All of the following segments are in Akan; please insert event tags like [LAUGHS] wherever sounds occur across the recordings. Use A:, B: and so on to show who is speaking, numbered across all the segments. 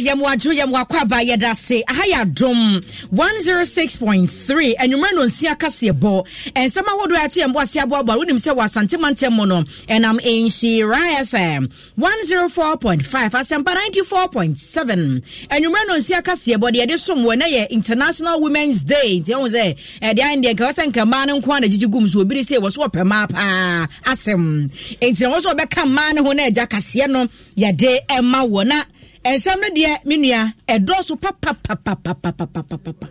A: yɛmo oh, adwo yɛmo akɔ aba yɛda ase aha yɛ adom 106.3 anwummerɛ no nsia kaseɛbɔ ɛnsɛm ahodoɔ ato yɛn boase aboaboa wonim sɛ wɔasantemantam mu no ɛnam nhyira fm 104.5 asɛmpa 94.7 and no nsia kaseɛbɔ deɛ yɛde som wɔ na yɛ international women's day nti ɛhu sɛ ɛde ayɛ deɛ nka wɔ sɛ nkamaa no nko a na gyigye gum so obiri sɛ wɔ so wɔpɛ maa paa asɛm enti na wɔ so wɔbɛka mmaa no ho na agya kaseɛ no yɛde nsɛm no deɛ me nua ɛdɔɔso papapapapapapapa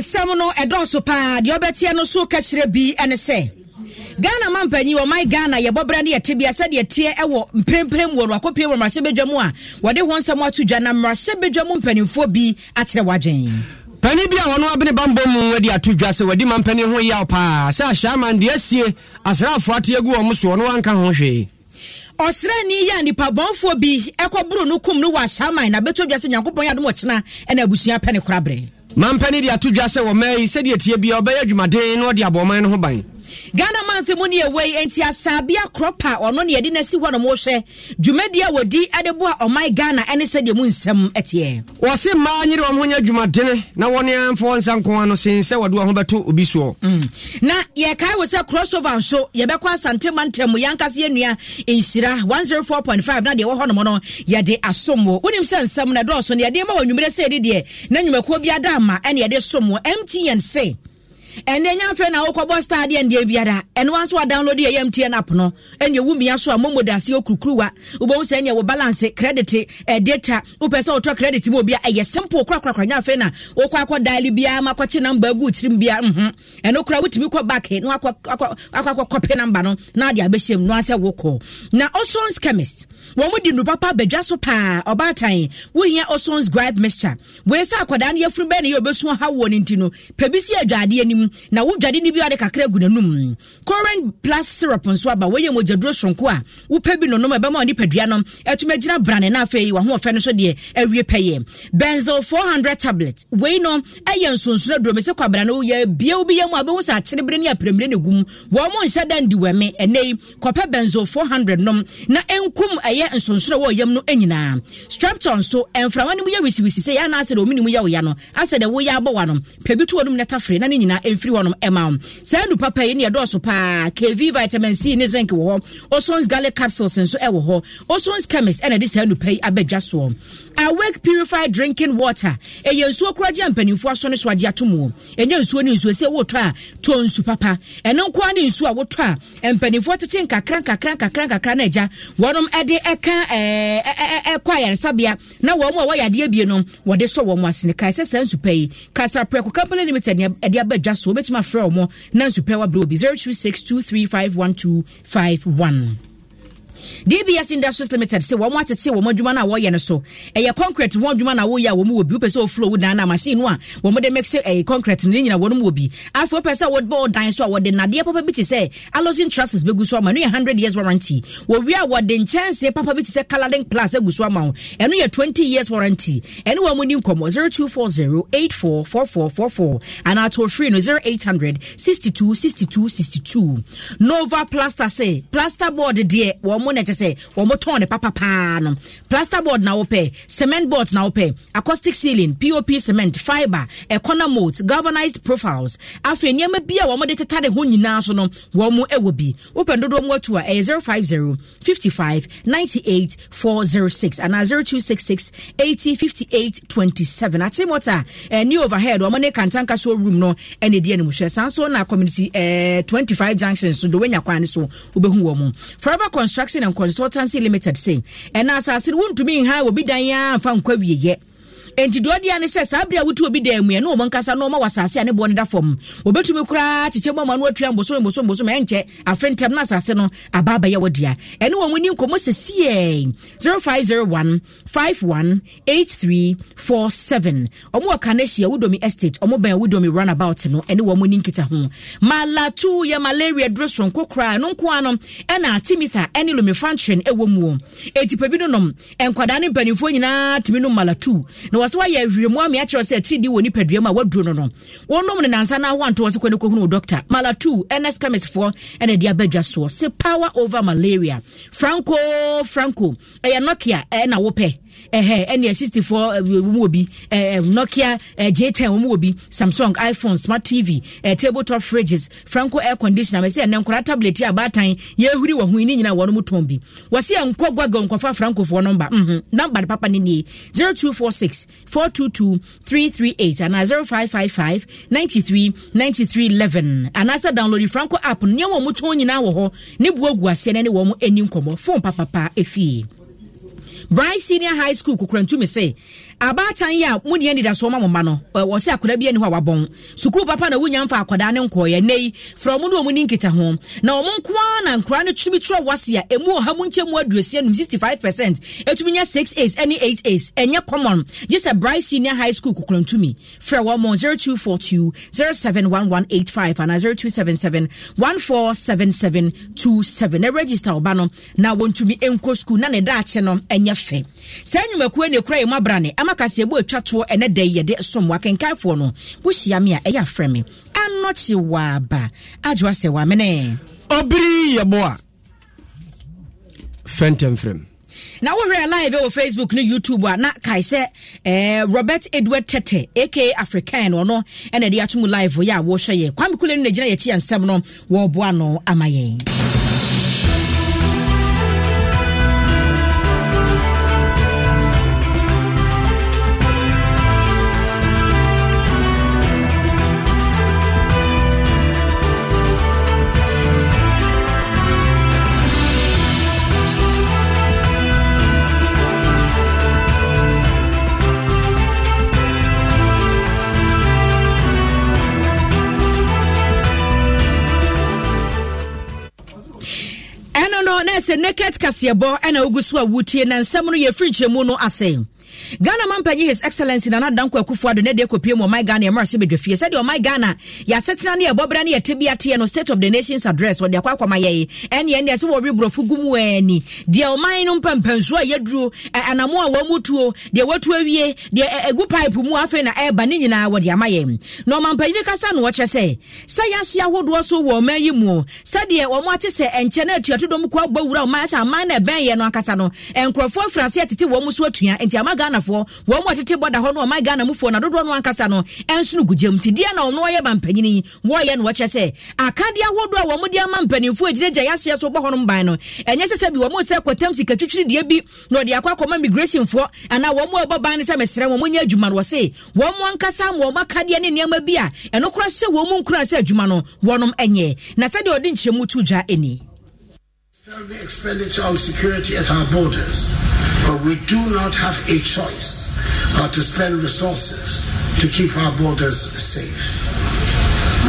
A: nsɛm no ɛdɔɔso paa deɛ ɔbɛteɛ no so kakyerɛ bi ne sɛ ghana ma mpanyin ɔman ghana yɛbɔ berɛ ne yɛte bia sɛdeɛ teɛ ɛwɔ mprempren wɔ no akɔpie wɔ mmarahyɛ badwa mu a wɔde ho nsɛm ato dwa na mmarahyɛ badwa mu mpanimfoɔ bi akyerɛ w'adwen
B: pani bi a wɔno abene bambɔ mu adi ato dwa sɛ wɔadi mampani ho yaw paa sɛ ahyɛaman deɛ asie asraafoɔ ate agu wɔ m soɔ no ho hwee ɔsraani yɛ nipabɔnfoɔ
A: bi ɛkɔboro no kum no wɔ ahyɛaman na bɛtɔ dwa sɛ nyankopɔn yɛ adom ɔkyena ɛna abusua pɛ ne
B: mampani de ato dwa sɛ wɔma yi sɛdeɛ tie bia ɔbɛyɛ adwumaden na ɔde abɔɔman no ho ban
A: ghana month mu ne ɛwɔ yi nti asaabi akorɔ pa ɔno ne yɛde no asi hɔ nom wohwɛ dwumadi a wɔdi ade boa ɔman ghana ɛne sɛdeɛ mu nsɛm ɛteɛ
B: wɔse mmaa nyere wɔm ho nyɛ adwumadene na wɔne amfa wɔ nsa nko ano sen wɔde wɔ ho bɛto obi soɔ mm.
A: na yɛkae wɔ sɛ crossover nso yɛbɛkɔ asantema ntam yɛnkase yɛnnua nhyira 104.5 na deɛ ɛwɔ hɔ nom no yɛde asom wɔ wonim sɛ nsɛm no ɛdɔɔso no yɛde ma wɔ nnwumerɛ sɛ yɛde deɛ na nnwumakuo bi ada ama ɛne yɛde som wɔ mtn se ɛnɛ nya afɛ na wokɔbɔ star deɛ ndeɛ biara ɛno wa nso wa download yɛ yɛ mtn app no ɛnɛ ewu mia so a momo da aseɛ okurukuruwa wobɛhu sɛ ɛnɛ wɔ balance credit ɛ eh, data wopɛ sɛ wotɔ credit mu obi a ɛyɛ simple korakorakora nya afɛ na wokɔ akɔ daali biara ma kɔkye namba egu tirim biara nhun mhm. ɛno kora wotumi kɔ back na wakɔ akɔ akɔ kɔpɛ namba no na adi abɛhyɛ mu na asɛ wokɔ na osons chemist wɔn mo di nnupapa pa so paa ɔbaatan wohia osons gripe mixture wɔn esa akwadaa no yɛfunu bɛyɛ na yɛ obɛsun ha wɔ ne ti no pɛbi si adwa adeɛ na wodwade no bi ade kakra gu n'anom current plus syrup nso aba wɔyɛ mogyaduro soronko a wopɛ bi nonom ɛbɛma nipadua no ɛtumi agyina brane no afei wahoɔfɛ no so deɛ awie pɛyɛ benzel 400 tablet wei no ɛyɛ nsonsono aduro me sɛ kwabra no yɛ bia wo bi yɛ mu a bɛhu sɛ akyene ne aprɛmire ne gu mu mo nhyɛ da ndi wɛme ɛnɛ yi kɔpɛ benzel 400 nom na ɛnkum ɛyɛ nsonsono wɔ yam no nyinaa strepton so mframa no mu yɛ wisiwisi sɛ yɛ anaasɛ deɛ omi yɛ wo no asɛ deɛ woyɛ abɔ no pɛ to wɔ no mu na tafere na ne nyinaa ɛmfiri hɔnom ɛma wo saa nnupa pa yi ne yɛdɔɔso paa kv vitamin c ne zinc wɔ hɔ osons garlic capsules nso ɛwɔ hɔ osons chemist ɛna de saa nnupa yi abɛdwa soɔ awake purified drinking water ɛyɛ nsuo koragye a mpanimfoɔ aso no so agye ato mu ɛnyɛ nsuo ne nsuo sɛ wotɔ a tɔ nsu papa ɛno nko ara ne nsuo a wotɔ a mpanimfoɔ tete nkakra nkakra nkakra nkakra no agya wɔnom ɛde ɛka ɛkɔ ayaresabea na wɔn a wɔyɛ adeɛ bie no wɔde sɔ wɔn asene kae sɛ saa nsu pa yi kasaprɛko company limited ɛde abɛdwa so wobɛtumi afrɛ wo mɔ na nsupɛ wabrɛ obi 0262351251 dbs industries limited sɛ wɔn atete wɔn adwuma no a wɔyɛ no so ɛyɛ concrete wɔn adwuma no a wɔyɛ a wɔn wɔ bi wopɛ sɛ ofuro wo dan machine one. a wɔn de make say ɛyɛ concrete no ne nyina wɔn wɔ bi afei person sɛ wɔbɔ ɔdan so a the Nadia papa bi te sɛ alosin trusses bɛgu so ama no yɛ hundred years warranty wɔwie a wɔde nkyɛnsee papa bi say sɛ colouring plus agu so ama wo ɛno yɛ twenty years warranty ɛne wɔn mu ni nkɔmɔ and our toll free no zero eight hundred sixty two sixty two sixty two nova plaster say plaster board deɛ wɔn wɔn na ɛkyɛ sɛ wɔn tɔn ne papa paa no plaster board na wɔpɛ cement board na wɔpɛ acoustic ceiling pop cement fiber, corner mold galvanized profiles afei nneɛma bi a wɔn de teta de ho nyinaa so no wɔn wɔ bi wopɛ dodoɔ mu atu a ɛyɛ zero five zero fifty five ninety eight four zero six anaa zero two six six eighty fifty eight twenty seven akyere mɔta overhead wɔn ne kantanka so room no ɛna edi anim hwɛ san so na community ɛɛ twenty five junction so do wenya kwan so wobɛhu wɔn forever construction. and consultancy limited sɛ ɛna asase no wontumi nha wɔbi dan a mfa nkwa wieyɛ enti deɛ ɔdeɛ ne sɛ saa berɛ a wotu obi da amuɛ ne ɔmɔ nkasa na ɔma wasase a ne boɔ no da fam wɔbɛtumi koraa kyekyɛ mu ama no atua mbosom mbosom mbosom ɛnkyɛ afe ntɛm no asase no aba abɛyɛ wɔ dea ɛne wɔ mu ni nkɔmmɔ sɛsiɛ 0501 51 8347 ɔmo wɔ kanehyia wodomi estate ɔmo bɛn wodomi runabout no ɛne wɔ mu ni nkita ho malatu yɛ malaria duro soronko koraa no nkoa no ɛna atimitha ɛne lomefantrin ɛwɔ mu enti pɛ bi no nom nkwadaa ne mpanimfoɔ nyinaa tumi no malatu na sɛ wayɛ awirimu ame akyerɛ sɛ akyiridi wɔ nipadua mu a waduro no no wɔnom ne nansa no ahoanto wɔ so kɔ ne kɔhunu mala 2 ns chemist ɛna de aba dwa soɔ sɛ power over malaria franco franco ɛyɛ nokia ɛna wopɛ ɛhɛ ɛne sixty four wɔn wɔ bi nokia uh, j ten wɔn wɔ bi samsung iphone smart tv ɛɛ uh, table top fridges franco air conditioner mɛsɛ ɛnɛ nkɔla tablet yɛ abaatan yɛhuri wɔn ho yi ni nyinaa wɔn mo tɔn bi wɔsi yɛ nkɔ gɔgɔ nkɔfa francofoɔ nɔmba mm-hmm. nhun namba papa ne nie zero two four six four two two three three eight anaa zero five five five ninety three ninety three eleven anaasɛ download franco app nneɛma wɔn mo tɔn nyinaa wɔ hɔ ne bu ogu aseɛ ne wɔn ani nkɔmɔ phone papapa efie. Bryce senior high school kukurantumi say. abaatan yi a mu ni anidasoɔ ma mo ma no wɔ sɛ akwadaa bi ani a wabɔn sukuu papa na wunya mfa akwadaa ne nkɔɔyɛ nei fura ɔmo ne ɔmo ni nkita ho na ɔmo nko na nkoraa no tumi twerɛ wase a emu ɔha mu nkyɛn mu aduosi anum sixty five percent etumi nya six eight ɛne eight eight ɛnyɛ common gye sɛ bright senior high school kukuruntumi fura wɔn mo zero two four two zero seven one one eight five ana zero two seven seven one four seven seven two seven na register ɔba no na wɔntumi nko school na ne daakye no ɛnyɛ fɛ saa nnwumakuo ne ekura yɛ mu abra ne ama ɔno kaseɛbɔ atwa toɔ ɛnɛ da yi yɛde som wakenkanfoɔ no wohyia me a ɛyɛ afrɛ me anɔkye waaba adwoa sɛ wamene ɔbere yɛboa
B: fɛntɛmfrɛm
A: na wohwɛ live wɔ facebook ne youtube a na kae sɛ eh, robert edward tete aka african ɔno ɛna de ato mu live yɛ a wɔhwɛ yɛ kwame kule no na gyina yɛkyi yɛ nsɛm no wɔreboa no ama yɛn sɛ naked kaseɛbɔ ɛna wogu so a wotie na nsɛm no yɛfiri nkyerɛmu no asɛe ghana mampanyi his excellency nana danko akufo ado ne deɛ kɔpie mu ɔman ghana ɛmmara hyɛ badwafie sɛdeɛ ɔman ghana ya yɛasetena ni yɛbɔbra ne yɛte bi ateɛ no state of the nations address wɔde akɔ akɔma yɛye ɛneɛ neɛ sɛ wɔwe borɔfo gu mu ani deɛ ɔman no mpampansuo a yɛduro anamo a wɔ mu tuo deɛ watu awie deɛ ɛgu pipe mu afei na ɛreba ne nyinaa wɔde ama yɛn na ɔmampanyi no kasa no wɔkyɛ sɛ sɛ yɛahye ahodoɔ so wɔ ɔman yi mu sɛdeɛ wɔn ate sɛ nkyɛn na atuatodɔm kɔ abɔ wura ɔman sɛ aman na ɛbɛn yɛ no ankasa no nkurɔfoɔ afiri aseɛ tete wɔn so atua nti ama ghana ghanafoɔ wɔn mu tete bɔda hɔ no ɔman ghana mu mufoɔ na dodoɔ no ankasa no no gugyam ti deɛ na ɔno ɔyɛ ba mpanyini yi wɔɔyɛ no wɔkyɛ sɛ akadeɛ ahodoɔ a wɔn de ama mpanyinfoɔ agyinagya yaseɛ so bɔ hɔnom ban no ɛnyɛ sɛ sɛ bi wɔn sɛ kɔtɛm sika twitwiri deɛ bi na ɔde akɔ akɔma migration foɔ anaa wɔn mu a ɛbɔ ban no sɛ mɛsrɛ wɔn nyɛ adwuma no wɔse wɔn mu ankasa ama wɔn akadeɛ ne nneɛma bi a ɛno koraa sɛ wɔn mu nkura sɛ adwuma no wɔnom nyɛ na sɛdeɛ ɔde nkyɛn mu tu dwa ani.
C: the expenditure on security at our borders, but we do not have a choice but to spend resources to keep our borders safe.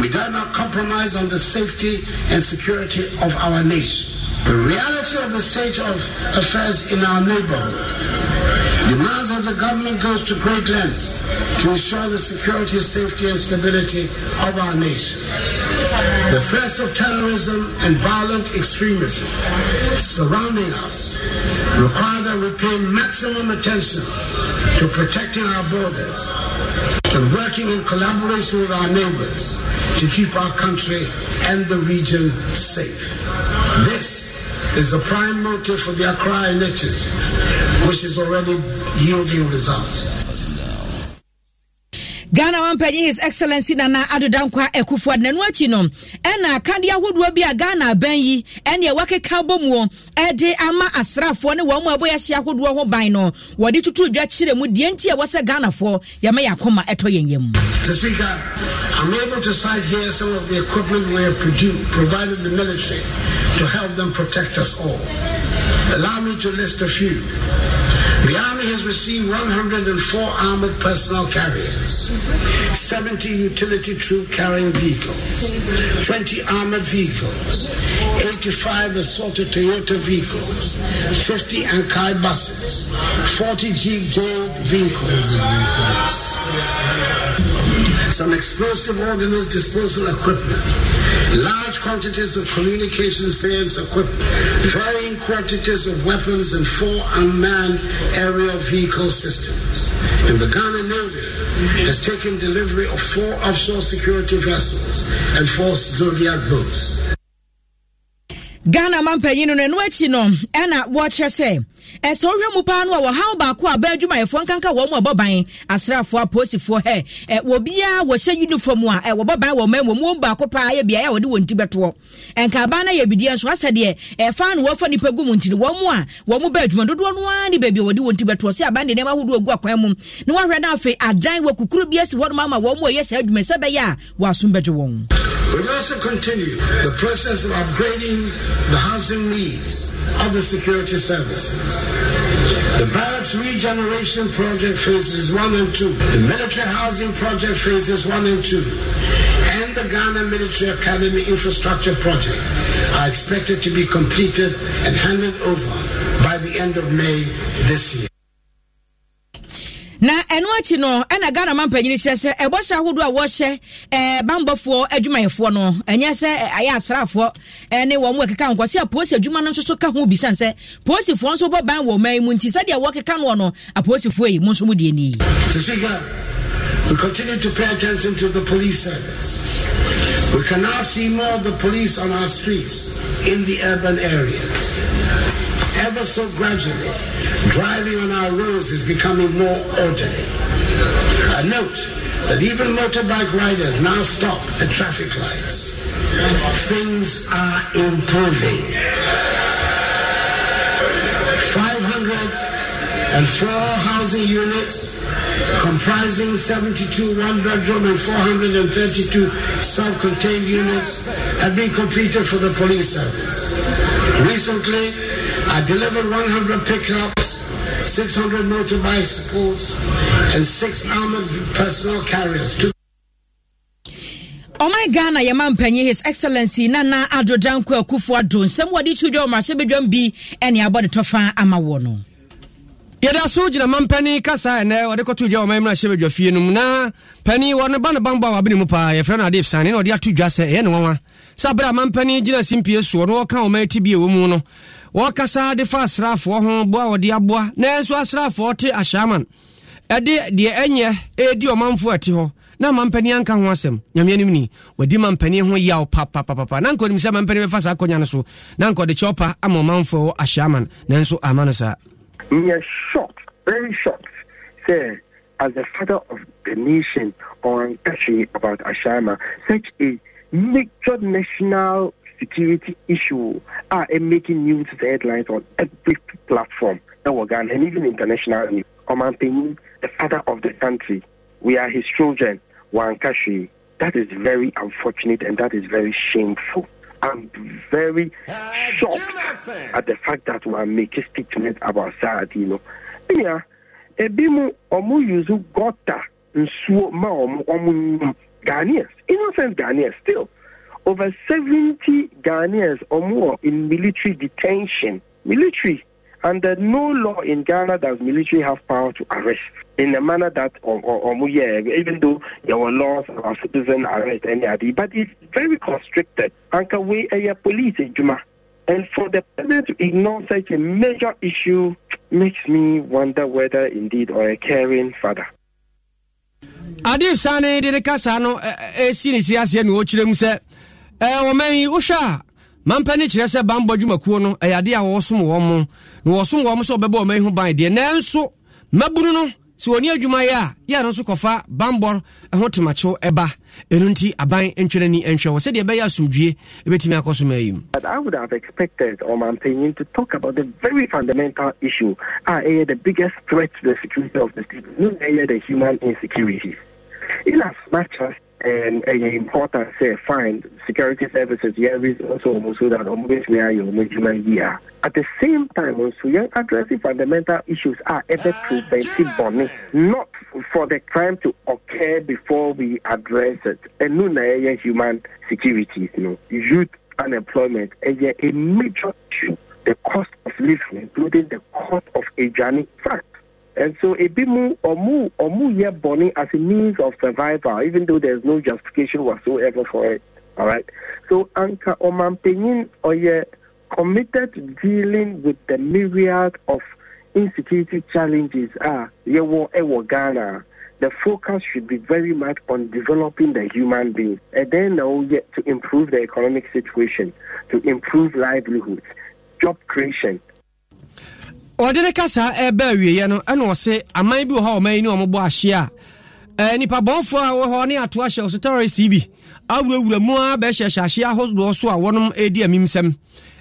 C: We dare not compromise on the safety and security of our nation. The reality of the state of affairs in our neighborhood the Maza of the government goes to great lengths to ensure the security, safety, and stability of our nation. The threats of terrorism and violent extremism surrounding us require that we pay maximum attention to protecting our borders and working in collaboration with our neighbors to keep our country and the region safe. This is the prime motive for the Accra initiative which is already yielding results.
A: ghana wampanyin his excellency nana adodankwa akufo adena no akyi no ɛna akadeɛ ahodoɔ bi a ghana abɛn yi ɛne wɔkeka bɔ ɛde ama asraafoɔ ne wɔn mu abɔ yɛhyɛ ahodoɔ ho ban no wɔde tutu dwa kyerɛ mu deɛ nti a wɔsɛ ghanafoɔ yɛma yɛ akoma ɛtɔ yɛn yam
C: Mr. I'm able to cite here some of the equipment we have provided the military to help them protect us all. Allow me to list a few. The Army has received 104 armored personnel carriers, 70 utility troop carrying vehicles, 20 armored vehicles, 85 assorted Toyota vehicles, 50 Ankai buses, 40 Jeep Joe vehicles some explosive ordnance disposal equipment, large quantities of communication science equipment, varying quantities of weapons, and four unmanned aerial vehicle systems. And the Ghana Navy has taken delivery of four offshore security vessels and four Zodiac boats.
A: ghana ma mpanyin no no akyi no ɛna wɔkyerɛ sɛ ɛsɛ wohwɛ mu paa no a wɔhaw baako a baa adwumayɛfoɔ nkanka wɔn mu ɛbɔ ban asraafoɔ apolisifoɔ hɛ ɛ wɔbiaa wɔhyɛ uniform a ɛ wɔbɔ ban wɔ mɛn wɔn mu baako paa yɛ biaeɛ a wɔde wɔn ti bɛtoɔ nkaabaa no yɛ bidiɛ nso asɛ deɛ ɛfa no wɔfa nipa gu mu ntiri wɔn mu a wɔn mu baa adwuma dodoɔ no ara ne baabi a wɔde wɔn ti bɛtoɔ sɛ aban de nneɛma ahodoɔ gu akwan mu na wɔahwɛ no afei adan wɔ kukuru bi asi hɔ nom ama wɔn mu a ɛyɛ saa adwuma sɛ bɛyɛ a wɔasom bɛgye wɔn
C: We also continue the process of upgrading the housing needs of the security services. The barracks regeneration project phases 1 and 2, the military housing project phases 1 and 2, and the Ghana Military Academy infrastructure project are expected to be completed and handed over by the end of May this year
A: na ɛno akyi no ɛna ghana ma mpanyini kyerɛ sɛ ɛbɔhyɛ ahodoɔ a wɔhyɛ ɛɛ bambɔfoɔ adwumayɛfoɔ no ɛnyɛ sɛ ɛyɛ asraafoɔ ɛne wɔn wɔkeka nkɔ sɛ apolisi adwuma no nso so ka ho bisan sɛ polisifoɔ nso bɔ ban wɔ ɔman mu nti sɛdeɛ wɔkeka noɔ no apolisifoɔ yi mo nso mo deɛ ni.
C: We continue to pay attention to the police service. We cannot see more of the police on our streets in the urban areas ever so gradually, driving on our roads is becoming more orderly. A note that even motorbike riders now stop at traffic lights. Things are improving. 504 housing units comprising 72 one-bedroom and 432 self-contained units have been completed for the police service. Recently, I delivered 100 pickups, 600 motor bicycles, and six armored personal carriers. Two
A: ɔman oh ghana yɛma mpanyin his excellency nana adodanko akufo ado nsɛm wɔde to dwa ɔmarahyɛ badwam bi ɛne abɔ tɔfa ama wɔ no
B: yɛda so gyina ma mpani kasa ɛnɛ ɔde kɔto dwa ɔma mmra hyɛ badwa fie no mu na pani wɔne ba ne banbɔ a wabene mu paa yɛfrɛ no ade sane na ɔde ato dwa sɛ ɛyɛ ne sábẹ́ àmàmpanin gyina simpie soɔ na wɔka wɔn ti bi ɛwɔ mu no wɔkasa de fa asraafoɔ ho boa wɔde aboa nanso asraafoɔ te ahyiaman ɛde deɛ ɛnyɛ ɛredi ɔmanfoɔ ɛte hɔ na mampanin anka ho asɛm nyame anim ni wadi mampanin ho yaw papapapapa na nka ɔnim sɛ mampanin bɛfa saa akɔnya no so na nka ɔde kyɛ ɔpa ama ɔmanfoɔ wɔ ahyiaman nanso ama no saa
D: yɛ shocked very shocked sɛ as the father of the nation or country about ashama such a major national security issue are uh, making news headlines on every platform ɛwɔ Ghana and even international. internationally. Ɔmanpanyin, the father of the country, we are his children, wanka hwee. That is very unfortunate and that is very shameful. I'm very shocked at the fact that we are making statements about Saad, you know. Yeah, ebi mu ɔmo use gutter nsuo ma ɔmo ɔmo Ghanaians, innocent Ghanaians still. Over 70 Ghanaians or more in military detention. Military. Under no law in Ghana does military have power to arrest in a manner that, or, or, or yeah, even though there were laws about citizen arrest and but it's very constricted. Anka we a police juma. And for the president to ignore such a major issue makes me wonder whether indeed or a caring father.
B: adif sane de ne kasa no ɛsi ne tiri aseɛ ne ɔkyerɛ mu sɛ wɔmayi wohwɛ a mampa ne kyerɛ sɛ bambɔ adwumakuo no ɛyɛ adeɛ a wɔsom wɔ mo na wɔsom wɔ mo sɛ wɔbɛbɔ ɔmayi ho ban deɛ nanso mabunu no sɛ wɔni adwumayɛ a yɛ no nso kɔfa bambɔ ho temakyew ɛba ɛno nti aban ntwerɛ ni nhwɛ hɔ sɛdeɛ ɛbɛyɛ asomdwie ɛbɛtumi akɔ so maayi mu
D: But I would have expected ɔmanpanyin to talk about the very fundamental issue a ah, ɛyɛ eh, the biggest threat to the security of the state no the human insecurity in as much as and an important say eh, find security services yeah is also so that we are human year at the same time also are addressing fundamental issues are ever preventive not for the crime to occur before we address it and no human security you know youth unemployment is a major issue the cost of living including the cost of a journey fact and so ebimu omu omu ye boni as a means of survival, even though there's no justification whatsoever for it. All right. So anka omampinin oye committed to dealing with the myriad of insecurity challenges ah yewo ewo Ghana. The focus should be very much on developing the human being, and then now to improve the economic situation, to improve livelihoods, job creation,
B: ɔde ne kasa ɛbɛ awieɛ no ɛna ɔse aman bi wɔ hɔ ɔman yi ne ɔmobɔ ahye a nipa bɔnfoɔ a wɔ ne ato ahyɛ so terrorist bi awurawura mu a bɛhyɛhyɛ ahye ahodoɔ so a wɔnom ɛdi amimsɛm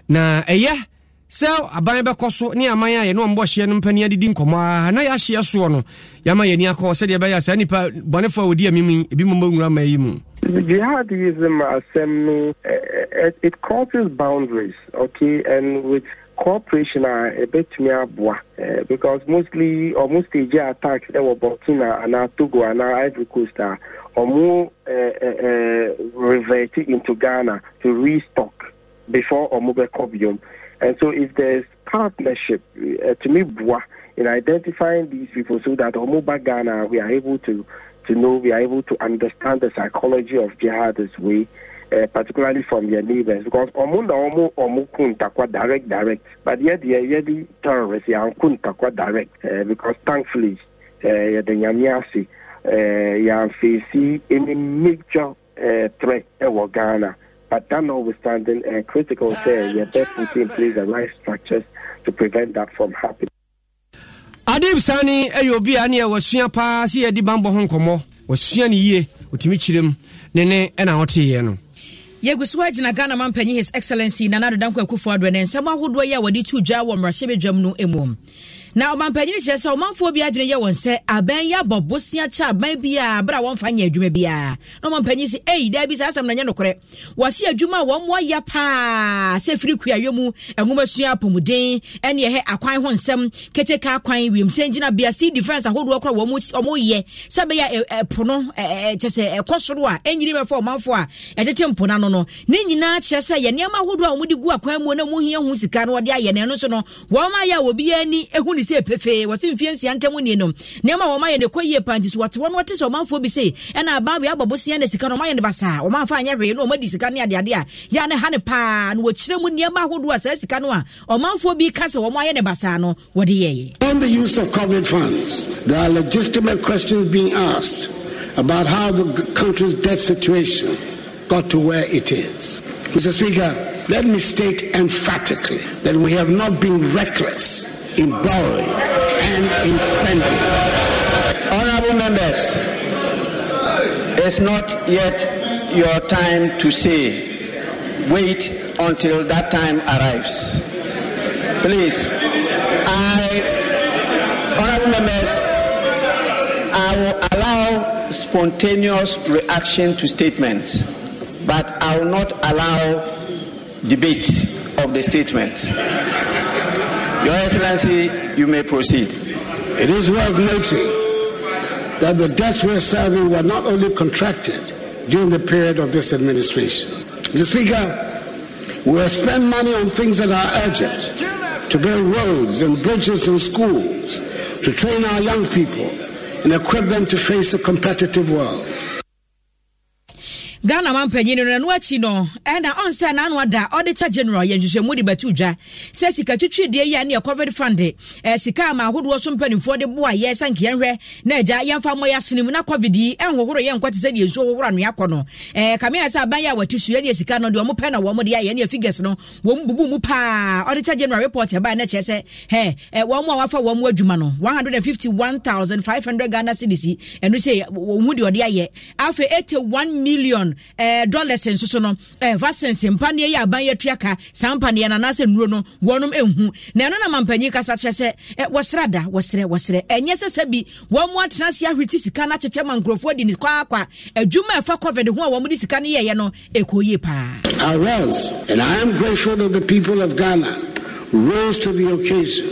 B: na ɛyɛ sɛ aban bɛkɔ so ne aman a yɛne ɔmbɔ hyeɛ no mpani adedi nkɔmmɔ a na yɛahyeɛ soɔ no yɛama yɛni akɔ sɛdeɛ ɛbɛyɛ saa nnipa bɔnefoɔ a wɔdi amim ebi mɔmɔwura ma yi mu
D: jihadism asɛm no it crosses boundaries okay and with cooperation a ɛbɛtumi aboa eh, because mostly ɔmo stage attacks ɛwɔ burkina anaa togo anaa ivory coast a ɔmo eh, eh, revert into ghana to restock before ɔmo bɛkɔ biom and so if there's partnership ɛtumi uh, boa in identifying these people so that ɔmo ba ghana we are able to to know we are able to understand the psychology of jihad this uh, particularly from their neighbors because ọmụ na ọmụ ọmụ kụ ntakwa direct direct but yẹ deɛ yɛ di terrorist yɛ ankụ ntakwa direct uh, because thankfully eh, yɛ de nyame ase yɛ amfeesi any major uh, threat ɛwɔ ghana but that notwithstanding uh, critical ah, care yɛ bɛ put in place the right structures to prevent that from happening.
B: adib sani ɛyɛ obi a ne yɛ wasua paa sɛ yɛde bammɔ ho nkɔmmɔ wasua no yie ɔtumi kyerɛ ne ne ɛna ɔteeɛ no
A: yɛgu so agyina ghana ma mpanyin his excellency nana adodankɔ akufo adoɔ ne nsɛm ahodoɔ yi a wɔde to dwa wɔ mmarahyɛbadwam no mu na ɔmampanyini kyerɛ sɛ ɔmanfoɔ bi adwene yɛ wɔn sɛ abɛn yɛ abɔ bosea kyɛ abɛn biaa berɛ a wɔmfa nyɛ adwuma biaa na ɔmampanyin sɛ ei daa bi saa asɛm no nyɛ nokorɛ wɔse adwuma a wɔmmoa yɛ paa sɛ firi kuayɛ mu nwoma sua apɔmuden ɛne ɛhɛ akwan ho nsɛm keteka akwan wiemsɛ gyinabea sea defence ahodoɔ kora wɔmoyɛ sɛ bɛyɛ po no kyɛ sɛ ɛkɔ soro a ɛnyini mɛfa ɔmanfoɔ a ɛtete mpo no no no ne nyinaa kyerɛ sɛ yɛ nneɛma ahodoɔ a wɔmde gu akwan mu na muhia hu sika no wɔde ayɛ na ɛno so no wɔma yɛ a wɔbiaa ni ɛhu ne bi sɛ pefee mfie nsia ntam no nneɛma wɔma yɛ ne kɔ yie nti so wɔte hɔ no wɔte sɛ ɔmanfoɔ bi se ɛna ne sika no ne basaa anyɛ hwee na ɔmadi sika ne adeade a yɛa ne ha ne paa na wɔkyerɛ mu nneɛma ahodoɔ a saa sika no a ɔmanfoɔ bi ka sɛ ayɛ ne basaa no wɔde yɛyɛ.
C: on the use of covid funds there are legitimate questions being asked about how the country's debt situation got to where it is. Mr. Speaker, let me state emphatically that we have not been reckless in borrowing and in spending.
B: Honorable members, it's not
C: yet your time to say, wait until that time arrives. Please, I,
E: honorable members, I will allow
C: spontaneous reaction to statements, but I will not allow debate of the statement. Your Excellency, you may proceed. It is worth noting that the debts we're serving were not only contracted during the period of this administration. Mr. Speaker, we will spend money on things that are urgent to build roads and bridges and schools, to train our young people and equip them to face a competitive world.
A: ghana ma mpanyini no ɛno akyi no ɛna ɔnsɛ naano ada auditor general yɛ nhwehwɛmu de bɛto dwa sɛ sika twitwideɛ yi a ne yɛ covid fund eh, sika ama ahodoɔ so mpanimfoɔ de boa yɛ sɛ nkeyɛnhwɛ na agya yɛmfa mmɔ yɛ asenem na covid yi ɛnhohoro yɛ nkɔ te sɛ deɛ nsuo hohoro anoa kɔ no eh, kamea sɛ aban yɛ a wɔte so yɛneɛ sika no deɛ ɔmopɛ na wɔm de ayɛ ne figures no wɔm bubu mu paa auditor general report ɛbaa na kyerɛ sɛ hɛ wɔn mu a wafa wɔn mu adwuma no 151500 ghana cedis ɛno sɛ wɔn mu deɛ ɔde ayɛ afei 81 million Eh, dollars nso so no eh, vaccines mpaneɛ yɛ aban saa mpaneɛ no anaasɛ nnuro no wɔnom na ɛno na kasa kyerɛ sɛ eh, wɔsrɛ da wɔsrɛ wɔsrɛ ɛnyɛ sɛ sɛ bi wɔn mu atena ahwete sika no akyekyɛ ma nkurɔfoɔ ne kwaakwa adwuma ɛfa covid ho a wɔn de sika no yɛyɛ no ɛkɔ yie paa
C: I was, and I am grateful that the people of Ghana rose to the occasion.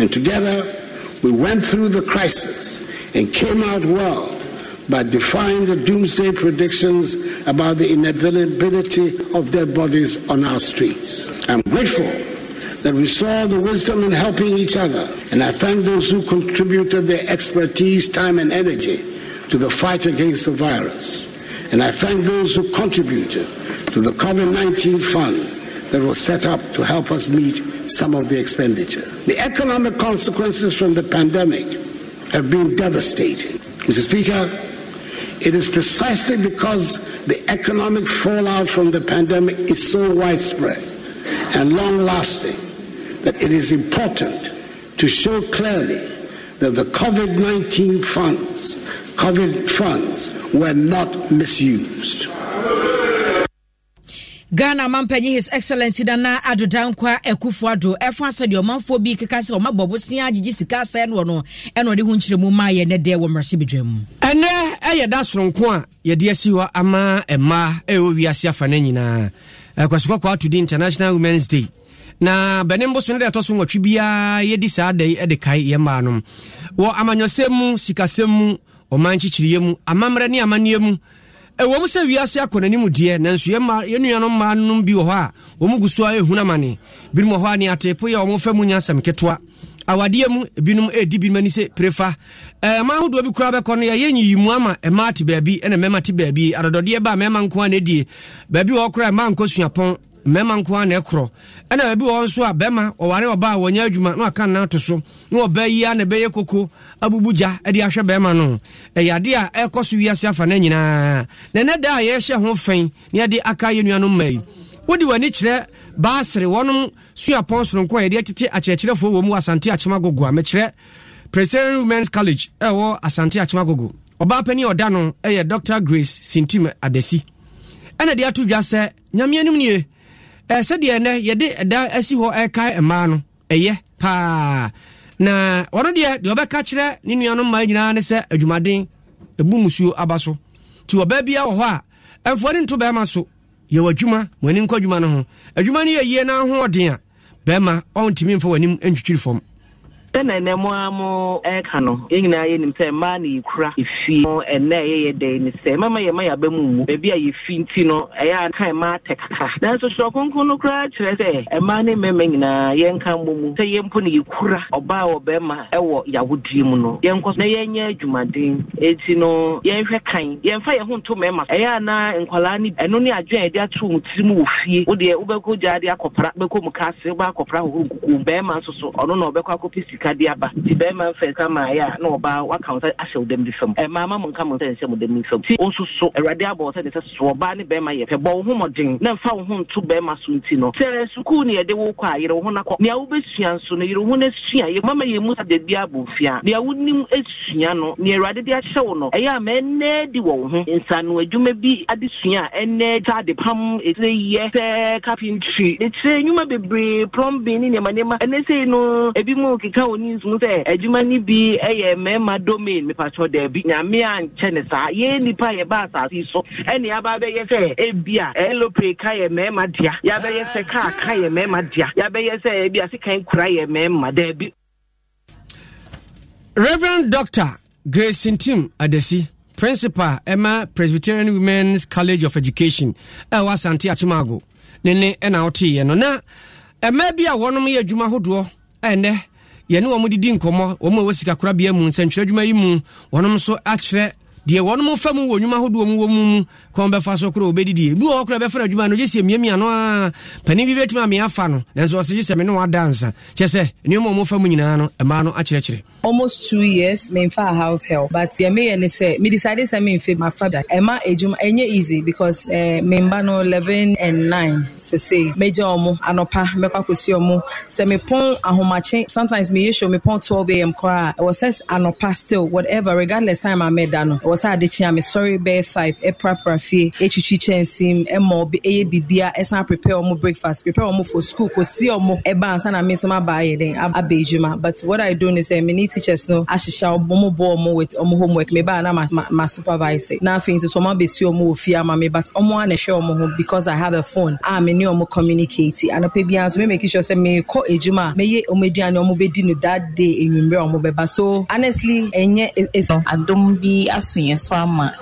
C: And together, we went through the crisis and came out well by defying the doomsday predictions about the inevitability of dead bodies on our streets. I'm grateful that we saw the wisdom in helping each other, and I thank those who contributed their expertise, time, and energy to the fight against the virus. And I thank those who contributed to the COVID 19 fund that was set up to help us meet some of the expenditure. The economic consequences from the pandemic have been devastating. Mr. Speaker, it is precisely because the economic fallout from the pandemic is so widespread and long lasting that it is important to show clearly that the COVID 19 funds, COVID funds, were not misused.
A: ghana mampanyi his excellence dana adoda nkwa akufo ado ɛfa sɛ deɛ ɔmanfoɔ bi keka sɛ ɔmabɔ bosea gyegye sika asɛe noɔ no ɛna ɔde ho nkyerɛmu ma yɛ nɛ deɛ wɔ mmarɛhyɛ bedwa mu
B: ɛnɛ ɛyɛ da soronko a yɛde asi hɔ ama ɛma ɛwɔ wiase afa no nyinaa kwasokɔkɔ ato di international womens day na bɛne mboso no dɛ ɛtɔ so nwɔtwe biara yɛdi saa da yi de kae yɛ mmaa nom wɔ amanyɔsɛm mu sikasɛm mu ɔman kyikyiriyɛ mu amammerɛ ne amanneɛ mu ɛwɔ mu sɛ wiase akɔ n'anim deɛ nanso yɛn nuanom mmaa no bi wɔ hɔ a wɔn gu so a ɛhunu amane binom wɔ hɔ a ne atepo yɛ wɔn fɛ mu nya asɛm ketewa awadeɛ mu binom ɛredi binom ani sɛ prefa ɛma ahodoɔ bi kura bɛkɔ no yɛyɛ nyiyimu ama ɛmaa te baabi ɛna mɛma te baabi adɔdɔdeɛ ba a mɛma nko a na ɛdie baabi wɔ hɔ koraa ɛma nkɔ suapɔn mmarima nko a na ɛkorɔ ɛna ebi wɔ nso a bɛrima ɔware ɔbaa wɔnyɛ adwuma na waka nnan so na ɔbaa yi a na ɛbɛyɛ koko abubu gya de ahwɛ bɛrima no ɛyɛ ade a ɛkɔ so wiase afa ne nyinaa na ne da a yɛhyɛ ho fɛn ne yɛde aka yɛ nua no mma yi wode w'ani kyerɛ baasere wɔnom suapɔn soronko a yɛde atete akyerɛkyerɛfoɔ wɔ mu wɔ asante akyema gogo a mekyerɛ presbyterian women's college ɛwɔ asante akyema gogo ɔbaa panin ɔda no ɛyɛ dr grace sintim adasi ɛna de ato dwa sɛ nyame anim nie sɛdeɛ ɛnɛ yɛde ɛda asi hɔ ɛkae mmaa no ɛyɛ paa na ɔno deɛ deɛ ɔbɛka kyerɛ ne nuanom mmaa nyinaa ne sɛ adwumaden ɛbu musuo aba so nti ɔbaa biara wɔ hɔ a ɛmfoɔne nto bɛrima so yɛwɔ adwuma mo ani nkɔ adwuma no ho adwuma no yɛ yie na ahoɔden a bɛrima ɔntumi mfa w'anim ntwitwiri fam
E: ɛna ɛnɛ mo a mo ɛka no yɛn nyinaa yɛnim sɛ mmaa na yɛkura efi ɛnɛ yɛyɛ dɛn ne sɛ mama yɛ ma yɛaba mu mu baabi a yɛfi nti no ɛyɛ a kan mmaa tɛ kaka nanso sɛ ɔkonko no koraa kyerɛ sɛ ɛmaa ne mmarima nyinaa yɛnka mmɔ mu sɛ yɛmpo na yɛkura ɔbaa wɔ bɛrima ɛwɔ yɛawodeɛ mu no yɛnkɔ na yɛnyɛ adwumaden enti no yɛnhwɛ kan yɛmfa yɛn ho nto mmarima ɛyɛ a na nkwadaa ne ɛno ne adwene a yɛde ato wɔn tiri mu wɔ fie wodeɛ wobɛkɔ gyaa de akɔpra bɛkɔ mu kaase wobɛakɔpra ahohoro nkukuo bɛrima nso so ɔno na ɔbɛkɔ akɔpɛ sika sika de aba nti bɛrima mfa sika maa yɛ a na ɔbaa waka wo sɛ ahyɛ wo dɛm bi fam ɛmaa ma mo nka mo sɛ nhyɛ mo dɛm bi fam ti wo nso awurade abɔ sɛ ne sɛ ɔbaa ne bɛrima yɛ fɛ bɔ wo ho mmɔden na mfa wo nto bɛrima so nti no sɛ sukuu ne yɛde wo kɔ a yere wo nakɔ nea wobɛsua nso no yere wo ho no yɛ mama yɛ mu sa da bi abɔ fia nea wonim asua no nea awurade de ahyɛ wo no ɛyɛ a ma di wɔ wo ho adwuma bi adesua a ɛnɛ gyaade pam ɛsɛ yɛ sɛ carpentry ne nnwuma bebree plumbing ne nneɛma nneɛma ɛnɛ sei no ebi mu keka wɔ oni nsumu sɛ adwuma no bi yɛ mmarima domain mepatwɔ daabi nyame ankyɛ ne saa yɛn nipa yɛba asase yi so ɛne yɛaba bɛyɛ sɛ ebia ɛlope ka yɛ mmarima dea yɛabɛyɛ sɛ kaa ka yɛ mmarima dea yɛabɛyɛ sɛ ebia sekan kura yɛ mmarima daabi
B: reverend dr grace ntim adesi principal ɛma presbyterian women's college of education a ɛwɔ asante atomago Nene ne ɛna woteeɛ no na ɛma bi a wɔnom yɛ adwuma hodoɔ ɛnɛ yɛne wɔ nkɔmmɔ wɔn a wɔ sikakorabea mu nsɛntwerɛ adwuma yi mu wɔnom nso akyerɛ deɛ wɔnom fa mu wɔ nnwuma hodoɔ mu wɔ mu mu kɔn bɛfa so korɔ wɔbɛdidie bi wɔ hɔ korɔ bɛfra adwuma no gye sɛ mmiamia no a panin bi bɛtumi amea fa no nanso ɔse gye sɛ ne wada nsa kyɛ sɛ nneɔma ɔmo fa mu nyinaa no mmaa no akyerɛkyerɛ
F: almost two years memfa a house help but deɛ meyɛ ne sɛ medecide sɛ memfe my father ɛma
A: adwuma ɛnyɛ easy because eh, memba no 11 and 9 say sesei mɛgya ɔmo anɔpa mɛkɔ akɔsi ɔmo sɛ mepɔn ahomakye sometimes meyɛ show mepɔn 12 am kwa koraa ɛwɔ sɛ anɔpa still whatever regardless time i mɛda no ɛwɔ sɛ bɛyɛ five
F: ɛprapra fie ɛtwitwi ɛma ɔbi ɛyɛ biribia ɛsan breakfast
A: kɔsi ɛba ansa na aba ayɛ den aba but what i do ne sɛ me teachers no ahyehyɛ ɔmo bɔ ɔmo with ɔmo homework me na ma supervise na afei nso so ɔmo abesi ɔmo wɔ fie ama me but ɔmo ho because i have a phone a me ne communicate anɔpɛ bi nso me sure sɛ me kɔ a me yɛ ɔmo aduane ɔmo bɛdi no that day enwummerɛ ɔmo bɛba
F: so honestly ɛnyɛ adom bi aso ama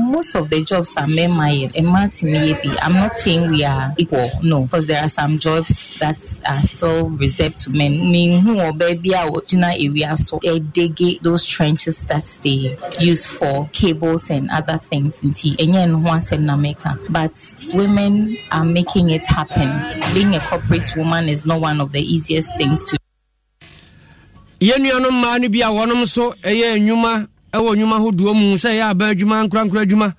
F: most of the jobs are mmarima yɛ ti mi yɛ bi i'm not saying we are equal no because there are some jobs that are still reserved to men mi hu ɔbaa bi a ɔgyina ewia so ɛdege those trenches that they use for cables and other things nti ɛnyɛ no ho asɛm na mɛka but women are making it happen being a corporate woman is not one of the easiest things to.
B: yɛn nuanom mmaa no bi a wɔnom ɛyɛ ɛwɔ nnwuma hodoɔ mu sɛ yɛ aba adwuma nkorankora adwuma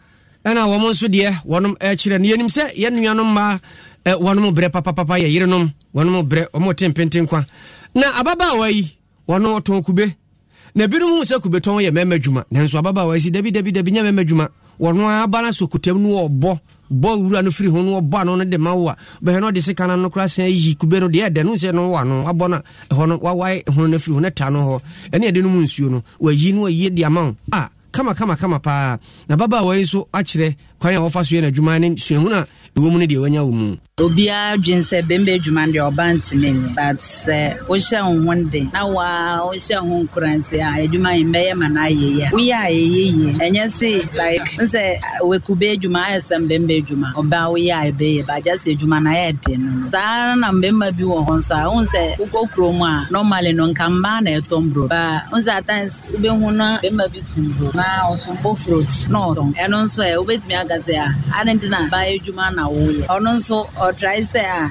B: ɛna wɔn nso deɛ wɔn ɛkyerɛ eh, no yɛnim sɛ yɛn nuanom mmaa ɛ eh, wɔn brɛ papapapa yɛ yerenom wɔn brɛ wɔn te mpenten kwa na ababaawa yi wɔn tɔn kube na ebinom hu sɛ kube tɔn yɛ mɛɛma adwuma nanso ababaawa yi si dabi dabi dabi nyɛ mɛɛma adwuma wɔno ara ba no so kutam no wɔbɔ bɔ wura no firi ho no wɔbɔ ano no de ma wo a bɛhɛ no ɔde sika no no koraa san yi kube no deɛ ɛdɛ no sɛ no wa no abɔ no ɛhɔ no wawae ho no firi ho no ta no hɔ ɛne ɛde no mu nsuo no wayi no wayi de ama wo a kama kama kama paa na baba a wɔyi nso akyerɛ kwan a wɔfa so yɛ n'adwuma ne suahunu a ɛwɔ mu no deɛ wanya wɔ mu
F: obiara dwen sɛ bɛmba adwuma deɛ ɔba ntene ni but eh, sɛ wohyɛ uh, wo ho de na waa wohyɛ wo ho nkoranse a adwuma yi mbɛyɛ ma no ayɛ woyɛ a ɛyɛ ɛnyɛ se like n sɛ wɔkube adwuma ayɛ sɛ mbɛmba adwuma ɔbaa woyɛ a ɛbɛyɛ bagya sɛ adwuma no ayɛ de no no saa na mbɛmba bi wɔ hɔ nso a wohu sɛ wokɔ kurom a normally no nka mbaa na ɛtɔ mburo ba wohu sɛ at times wobɛhu no bɛmba bi sumburo na ɔsombɔ frot na ɔtɔn ɛno nso ɛ wobɛtumi agazi a ara ndị na-aba ejuma na wụlọ nso a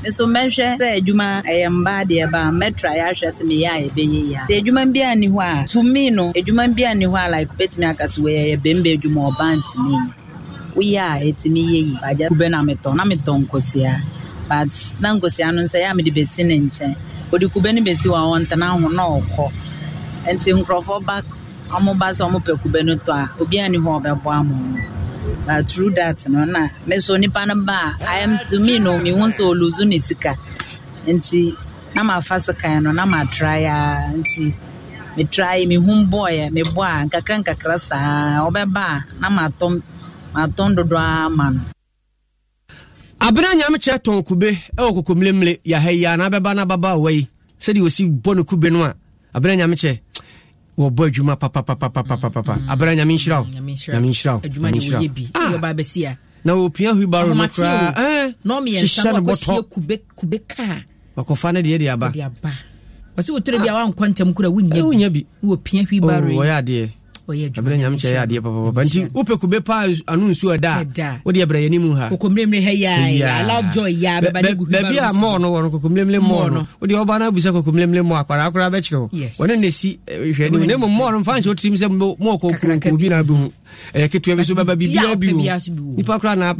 F: nso mɛhwɛ sɛ adwuma ɛyɛ mba ahwɛ sɛ meyɛ a yɛbɛyɛ yi a sɛ adwuma a ni hɔ a tumi no adwuma bi a a like aka sɛ wɔyɛ a ɛtumi yɛ yi bagya na metɔ na metɔ but na a mede bɛsi ne nkyɛn wɔde kube no wɔ a na ɔkɔ nti nkurɔfoɔ ba ɔmo ba sɛ ɔmo pɛ kube no tɔ a ni hɔ na uh, true that no na meso nipa no ba I am to me no me hun so oluzu ne sika nti na ma fa sika no na ma try a nti me try me hun boy me boy nkakra nkakra saa obeba na ma tom ma
B: tom dodo ma no abena nyame kyerɛ tɔn kube ɛwɔ kokomlemle yɛha yi na bɛba no ababa wɔ yi sɛdeɛ ɔsi bɔ kube no a abena nyame kyerɛ wɔbɔ adwuma papapapapapapa mm-hmm. abra nyame nhyira mm-hmm. wo nyame nhyira
A: ah! wo eh!
B: na wɔpia hwibaro no koraa hyehyɛ
A: no bɔtɔ
B: wakɔfa no deɛ de aba wɔse wotore bi a woankɔ ntɛm kora wonya eh, bi wɔpia hwibaro oh, adeɛ
A: nti
B: wopɛ kube pa ano nsuo ɛda wode brɛ yɛne
A: habaabi a mɔ
B: no wɔ no kokomlemle mɔ no wode wɔba no abu sɛ kokomlemle mɔ akwara koraa bɛkyerɛ wo wɔne nɛsi hwɛ ne mu na mmom mɔ no mfa nhyɛ wotirim sɛ mɔkɔkɔbi na bɛhu ɛyɛ ketewa bi so bɛba biribiaa bi nipa koraa na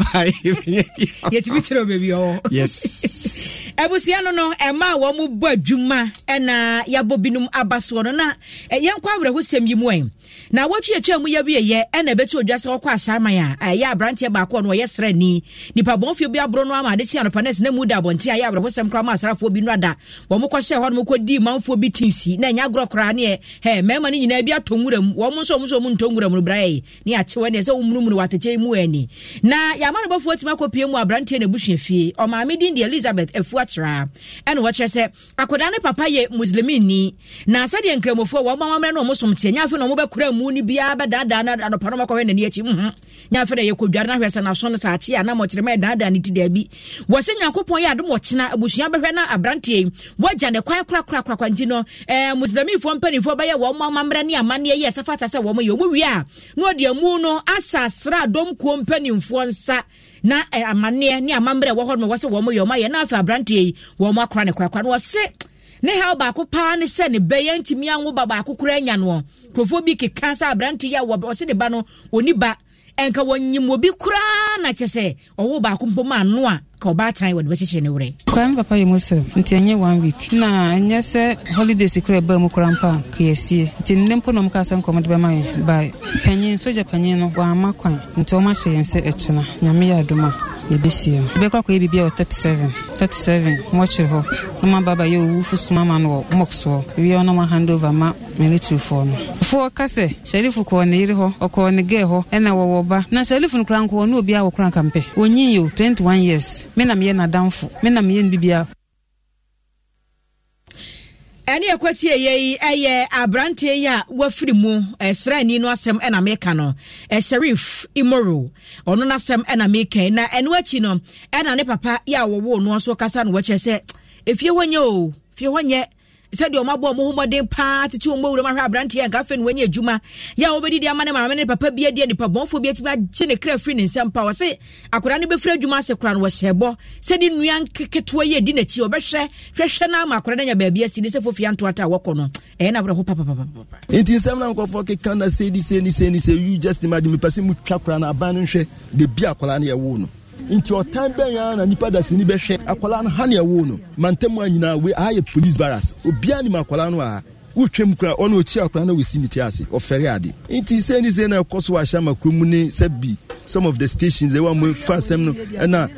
A: abusua no no ɛma a wɔ bɔ adwuma ɛna yɛabɔ binom aba soɔ no na yɛnkɔ awerɛhosɛm yi mu ɛ na wɔtweatwa mu yɛ wieyɛ ɛna ɛbɛtu odwa sɛ wɔkɔ ahyɛaman a ɛyɛ aberanteɛ baako no ɔyɛ srani nipa bɔnfio bi aboro no ama ade kye anopa nɛs na mu da abɔnten a ɛyɛ abrɛbɔsɛm kora ma asrafoɔ bi no ada wɔn kɔhyɛ hɔ nom kɔdii manfoɔ bi tinsi na ɛnyɛ agorɔ koraa neɛ hɛ mmarima no nyinaa bi atɔ nwura mu wɔn nso wɔn nso wɔn ntɔ nwura no brɛ ne akyew ɛne sɛ wɔmmunumunu wɔatɛkyɛ mu ani na yɛama no bɔfoɔ atumi akɔpie mu aberanteɛ na abusua fie ɔmaame din de elizabeth afu akyerɛa ɛne wɔkyerɛ sɛ akwadaa ne papa yɛ muslimini na sɛdeɛ nkramofoɔ wɔn ma wɔn mmerɛ na wɔn som teɛ nyɛ afei na wɔn bɛkura mu mu no biara bɛdaadaa na anɔpa no makɔhwɛ n'ani akyi mhm nyamfɛ dɛ yɛkɔdware no ahwɛ sɛ naso no sɛ akyea na mɔkyerɛma ɛdaadaa no ti daabi wɔ sɛ nyankopɔn yɛ adom ɔkyena abusua bɛhwɛ no aberanteɛ yi wɔagya ne kwan korakorakorakwa nti no muslamifoɔ mpanimfoɔ bɛyɛ wɔ mo amammerɛ ne amanneɛ yɛ sɛ fata sɛ wɔ mo yɛ ɔmu wie a na ɔde amu no ahyɛ asra adɔm kuo mpanimfoɔ nsa na amanneɛ ne amammerɛ wɔ hɔ no wɔ sɛ wɔn yɛ ɔmayɛ na afei aberanteɛ yi wɔn akora ne korakora na wɔse ne haw baako paa ne sɛ ne bɛyɛ ntumi anwo baako koraa anya noɔ nkurɔfoɔ bi keka sɛ aberante yɛ ɔse ne ba no ɔni ba ɛnka wɔnyim obi koraa na kyɛ sɛ ɔwo baako mpo ano a ka ɔbaatan wɔde ne werɛ kwaa me papa
F: yɛ muslim nti ɛnyɛ one week na ɛnyɛ sɛ holidays kora ɛba mu kora mpa kɛyɛsie nti nnɛ mpo na ɔmkaa sɛ nkɔmmɔde bɛma yɛn ba panyin sogya panyin no wɔamma kwan nti ɔmahyɛ yɛn sɛ ɛkyena nyame yɛ adom a yɛbɛsie no yɛbɛkɔ yɛ biribia wɔ 37 37 wɔkyere hɔ na ma baba yɛ owufo soma ma no wɔ mok wi ewia na ma handover ma militarifoɔ no foɔ ka sɛ sharifo kɔɔ ne yere hɔ ɔkɔɔ ne gɛɛ hɔ ɛna wɔwɔ ba na sharifo no kora nkɔ ɔne obiaa wɔ kora nkampɛ ɔnyiyɛ 21 years me na meyɛ n'adamfo me meyɛ no bibia
A: ɛne yɛkɔtie yɛ yi ɛyɛ aberanteɛ yi a wafiri mu ɛsraani no asɛm ɛna meka no ɛsherif imoro ɔno no asɛm ɛna meka na ɛno akyi no ɛna ne papa yɛ a wɔwoo no nso kasa no wɔkyɛ sɛ ɛfie hɔ o fie hɔ sɛdeɛ ɔma bɔ ɔmo homɔden paa tete ɔmo awuram ahwɛ aberanteɛ nka afei no wanya adwuma yɛ a wɔbɛdidi ama ne maame ne papa bi adi nipa bɔnfo bi atumi agye ne kra firi ne nsɛm pa ɔse akwadaa no bɛfiri adwuma ase kora no wɔhyɛ bɔ sɛde nnua nketewa yi adi n'akyi ɔbɛhwɛ hwɛhwɛ no ama akwadaa no anya baabi asi ne sɛ fofia ntoata a wɔkɔ no ɛyɛ no awerɛho papapapapa
G: enti nsɛm na nkɔfoɔ keka na sɛdi sɛni sɛni sɛ you just imagine mepɛ sɛ mutwa kora no aban no nhwɛ de bi akwadaa no yɛwo no nti ɔtan bɛn ya na nipa da sini bɛhwɛ akwadaa no ha ne no mantam a nyinaa we aha yɛ police barracks obiara nim akwadaa no a wotwam kora ɔne ɔkyi akwadaa no a wɔsi ne ti ase ɔfɛre ade nti sɛ ne sɛ na ɛkɔ so wɔ ahyɛma kurom ne sɛ bi some of the stations ɛwɔ mu fa asɛm no ɛna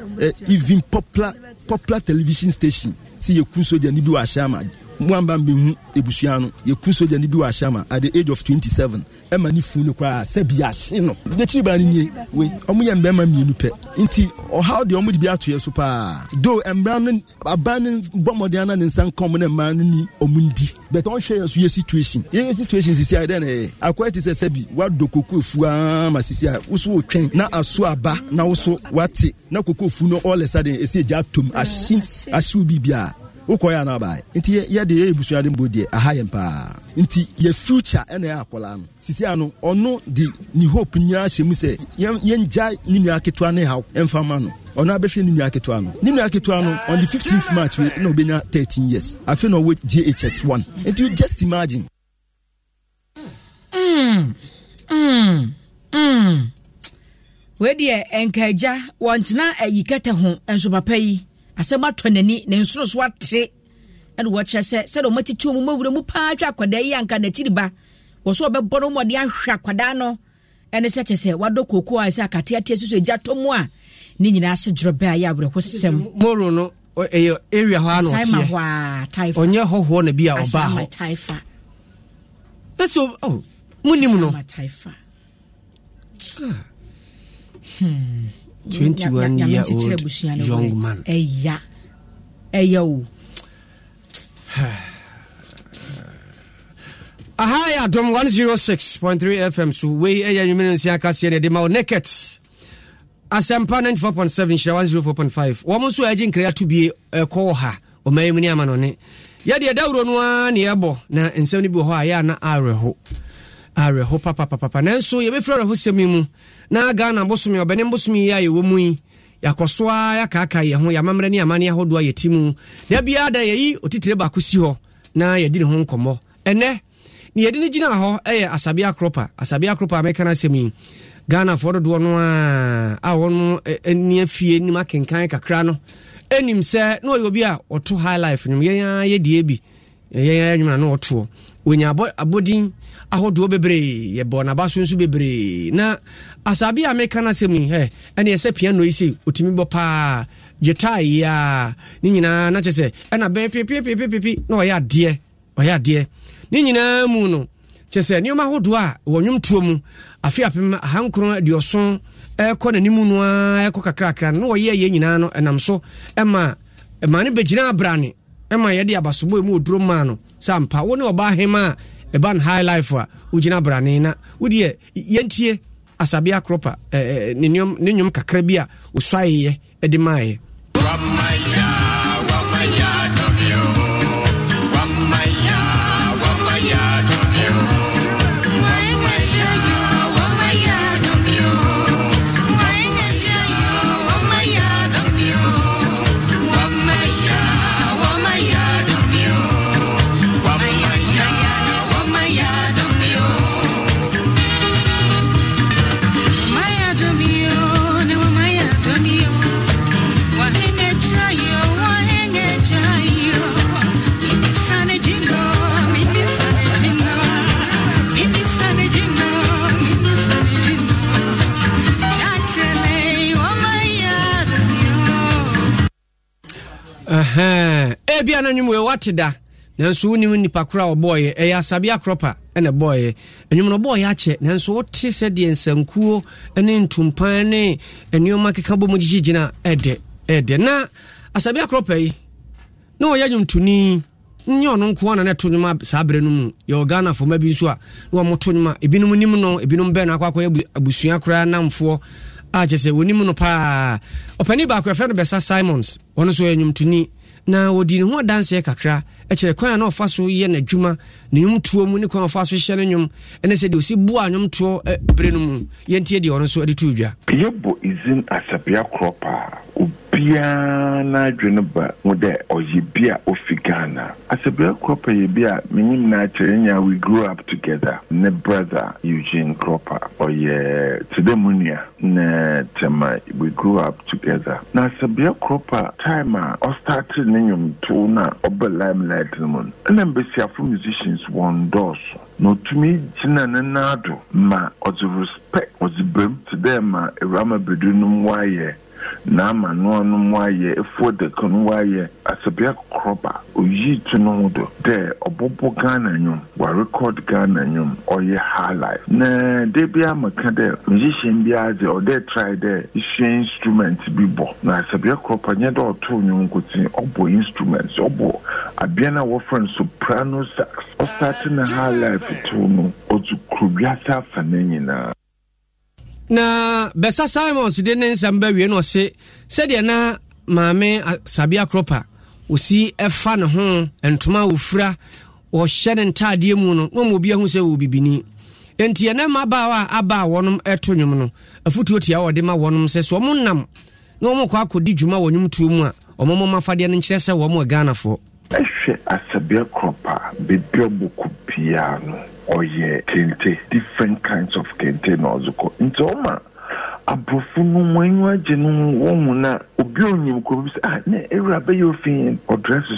G: even popular popular television station si yɛ kun soja ni bi wɔ ahyɛma moamba mbɛhu ebusua no yɛku sogya no bi wɔ ahyɛ ma at the age of 27 ɛma ne fu no koraa sɛ bi ahye no n'akyiri baa no nie wei ɔmo yɛ mmarima mmienu pɛ nti ɔhaw deɛ ɔmo de bi ato yɛ so paa do mmara no aban no bɔ mmɔden ana ne nsa nkɔm ne mmara no ni ɔmo ndi but ɔnhwɛ yɛ so yɛ situation yɛyɛ situation sisi a dɛn ɛyɛ akɔyɛ te sɛ sɛbi do koko efu ama sisi a woso otwɛn na aso aba na woso wate na koko efu no all a sudden esi egya atom ahye ahyew bi bia wokɔyɛ anaa baɛ nti yɛde yɛyɛ busuade mbɔ deɛ aha yɛn paa nti yɛ future ɛna ɛyɛ akɔlaa no sisia no ɔno de ne hope nyinaa hyɛ mu sɛ yɛngya ne nua ketewa ne haw ɛmfa ma no ɔno abɛhwɛ ne nua ketewa no ne nua ketewa no on the 15th march We na ɔbɛnya 13 years afei na ɔwɔ ghs 1 nti just imagine
A: mm, mm, mm. wedeɛ nkagya wɔntena ayi kɛtɛ ho nso papa yi asɛm atɔ n'ani ne nsoro so atere ɛne wɔkyerɛ sɛ sɛdeɛ ɔmatete ɔ mu mawura mu paa twa akwadaa yi anka n'akyiri ba wɔ so ɔbɛbɔ no mɔde ahwɛ akwadaa no ɛne sɛ kyɛ sɛ wadɔ kooko a sɛ akateatea si so agya tɔ mu a ne nyinaa se dwerɛ bɛ a yɛ sɛm
B: moro no ɛyɛ area hɔ a na
A: ɔteɛ ɔnyɛ
B: hɔhoɔ na bi a ɔbaa hɔ
A: na sɛ 21 year old ɛyɛ
B: o aha yɛ adom 106.3 fm so wei ɛyɛ nwumene nsia kaseɛ ne ɛde ma wo neket asɛmpa 94.7 hyira 104.5 wɔm nso agye nkra ato bie ɛkɔ wɔ ha ɔmayɛ mu ne ama no ne yɛdeɛ dawuro no ara ne yɛbɔ na nsɛm no bi wɔ hɔ a yɛ awerɛho awerɛho papapapapa nanso yɛbɛfiri awerɛho sɛm yi mu na ghana bosome ɔbɛne bosome yi a yɛwɔ mu yi yɛakɔ so a yɛakaaka yɛ ho yɛamammerɛ ne amanne ahodoɔ a yɛti mu da biara da yɛyi otitire baako si hɔ na yɛdi ne ho nkɔmmɔ ɛnɛ ne yɛde no gyina hɔ ɛyɛ asabe akropa asabe akropa a mɛka no asɛm yi ghanafoɔ dodoɔ no a wɔn ani afie nim akenkan kakra no ɛnim sɛ na ɔyɛ obi a ɔto high life nim yɛn yɛdie bi yɛn anwuma no ɔtoɔ wɔnya abɔden ahodoɔ bebree yɛbɔ n'aba so nso bebree na asabi a meka na asɛm yi ɛ eh, ɛneɛ sɛ piano yi se ɔtumi bɔ paa gyeta yi a ne nyinaa na kyɛ sɛ ɛna bɛn pipipipipipi na ɔyɛ adeɛ ɔyɛ adeɛ ne nyinaa mu no kyɛ sɛ nneɛma ahodoɔ a wɔ tuo mu afe apem ahankron aduɔson ɛkɔ n'anim no a ɛkɔ kakrakra no na wɔyɛ yɛ nyinaa no ɛnam so ɛma ɛma ne bɛgyina abrane ɛma yɛde abasobɔ mu oduro maa no sampa wo ne ɔbaa hema a ɛba no high life a wogyina abrane na wodeɛ yɛntie asabea cropa ne eh, eh, nnwom kakra bi a ɔsuaeɛ de maeɛ ebia no nwom wate da nanso wonim nnipa koro a ɔbɔɔyɛ ɛyɛ asabe akorɔpa ɛna bɔɔyɛ ɛnwom no ɔbɔɔyɛ akyɛ nanso wote sɛdeɛ nsankuo ne ntumpan ne nneɔma keka bɔ mu gyigyi gyina ɛdɛ ɛdɛ na asabe akorɔpa yi na ɔyɛ nwomtoni nyɛ ɔno nko ana na ɛto nwoma saa berɛ no mu yɛwɔ ghanafo ma bi nso a na wɔmoto nwoma ebinom nim no ebinom bɛn no akɔ akɔyɛ abusua koraa namfoɔ a ah, kyɛ sɛ wɔnim no paa ɔpani baako ɛfrɛ no bɛsa simons ɔno nso ɛnwomtoni na wɔdi ne ho adanseɛ kakra ɛkyerɛ kwan a na ɔfa so yɛ n'adwuma ne nwomtoɔ mu ne kwan ɔfa so hyɛ no nwom ɛne sɛ deɛ ɔsi boa nwomtoɔ berɛ no mu yɛntie deɛ ɔno nso de to dwa yɛbɔ
H: izin asabea korɔ paa obiara n'adwene ba mu dɛ ɔyɛ bi a ofi ghana asabere cropper yɛ bi a menim n'akyerɛ nya we grew up together ne brother eugene cropper ɔyɛ tede mu nua ne tema we grew up together na asabere cropper time a ɔstarted ne nnwomtow no a ɔbɛ limelight no mu no ɛna mbesiafo musicians wɔn dɔɔso na otumi gyina ne nan do ma ɔdze respect ɔdze bɛm te dɛ ma awurama bedu no mu wayɛ na-ama n'ama n'ọnụ nwayọ efuo deka nwayọ asabia koroba oyi tu no ho do dɛ ɔbɔbɔ ghana wa warekɔd ghana nwom ɔyɛ highlife na de bi ama ka dɛ musician biara dze ɔdɛ try dɛ esua instrument bi bɔ na asabia koroba nyɛ dɛ ɔtoo nwom nkotin ɔbɔ instrument ɔbɔ abia na wɔfrɛ no soprano sax ɔsate na highlife too no ɔdze kurowiase afa ne nyinaa
B: na bɛsa simons de ne nsɛm bɛwie no ɔse sɛdeɛ na maame sabia kropa ɔsi ɛfa ne ho ntoma a ɔhyɛ ne ntadeɛ mu no na ma obi ahu sɛ wɔbibini enti ɛnɛ mmabaawa a abaa a wɔnom ɛto nwom no afotuo tia wɔde ma wɔnom sɛ sɛ ɔmo nam na ɔmo kɔ akɔdi dwuma wɔ nwomtuo mu a ɔmɔmɔ mafadeɛ no nkyerɛ sɛ wɔmo ghanafoɔ
H: ɛhwɛ asabea kropa beebi ɔbɔkɔ biara no ɔyɛ kente different kinds of kente na ɔdze kɔ nti ɔma aborɔfo no mu anyiwa agye no mu obi onyim kuro bi sɛ ah na ewura bɛyɛ ofin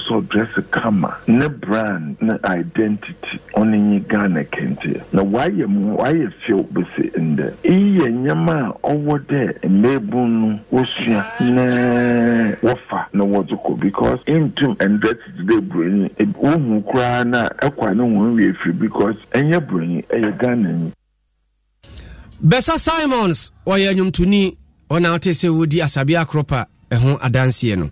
H: so kama ne brand ne identity ɔne nye ghana kente na wayɛ mu wayɛ fiew bese ndɛ eyi yɛ nneɛma a ɔwɔ dɛ mmeebu no wosua na wɔfa na wɔdze kɔ because ti dɛ koraa na ɛkwa ne wɔn wie firi because ɛnyɛ
B: ɛyɛ ghana bɛsa simons ɔyɛ nnwomtoni ɔna wote sɛ wodi asabea akorɔpa ɛho adanseɛ no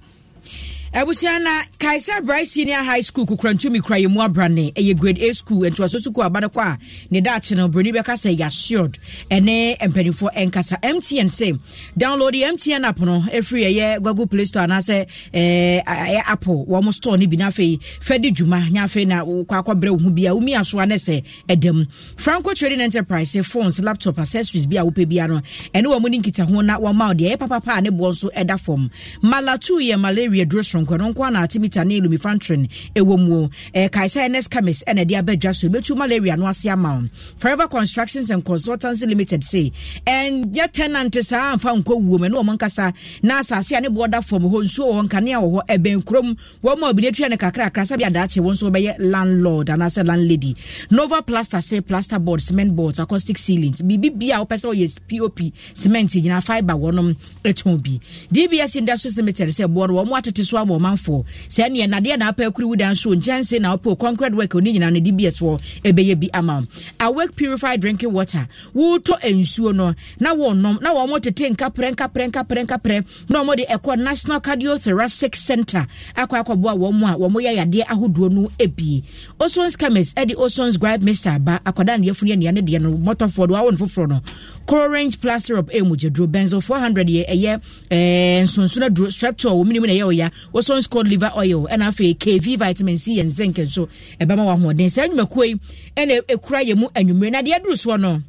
A: abusua na kaisa bright senior high school kukurantumi kura yɛmu abrane ɛyɛ grade a school ntoaso so kɔ aba no kɔ a ne daakye no buroni bɛka sɛ yɛassured ɛne mpanimfoɔ ɛnkasa mtn sɛ download mtn app no ɛfiri ɛyɛ google play store anaasɛ ɛɛ eh, ɛyɛ apple wɔn store no bi na afei fɛ de dwuma nya afei na kɔ akɔbrɛ wo bi a wumi asoa ne sɛ ɛdɛm franco trading enterprise phones laptop accessories bi a wopɛ bia no ɛne wɔn ne nkitaho na wɔn ma deɛ ɛyɛ papapa a ne boɔ nso ɛda fam malatu yɛ malaria duro sonko no nko ana atimita ne lumifantrin ɛwɔ mu ɛkae sɛ ns chemis ɛna ɛde abɛdwa so ɛbɛtu malaria no ase ama forever constructions and consultancy limited se ɛnyɛ tenant saa amfa nkɔ wuo mu ɛne ɔmo na asase a ne boɔ da fam hɔ nsuo wɔ hɔ nkanea wɔ hɔ ɛbɛn kurom wɔn mu a obi n'etua ne kakrakra sɛbi adaakye wɔn nso bɛyɛ landlord anaasɛ landlady nova plaster say plaster boards, cement boards acoustic ceilings biribi bia a wɔpɛ sɛ wɔyɛ pop cement nyinaa fibre wɔnom ɛtɔn bi dbs industries limited sɛ boɔ no wɔn atete so ama ɔmanfoɔ sɛ neɛ nadeɛ na apɛ akuri wodan so nkyɛnse na wopɛ concrete work ne nyinaa no DBS bs wɔ ɛbɛyɛ bi ama awake purified drinking water wotɔ nsuo no na wɔnom na wɔn tete nkaprɛ nkaprɛ nkaprɛ nkaprɛ na wɔn de ɛkɔ national cardiothoracic center akɔ akɔboa wɔn a wɔn yɛ yadeɛ ahodoɔ no ebie osons chemist ɛde osons gripe mixture aba akwadaa no yɛfunu deɛ no mɔtɔfoɔ do awo no foforɔ no corange plus syrup ɛyɛ mogyaduro benzo four hundred yɛ ɛyɛ ɛɛ nsonson aduro streptol wɔn mu na ɛyɛ ɔya woson scod liver oil ɛna afei kv vitamin c yɛ zinc nso ɛbɛma wahoɔden saa nnwumakuo yi ɛna ɛkura yɛ mu anwummere na deɛ aduru soɔ no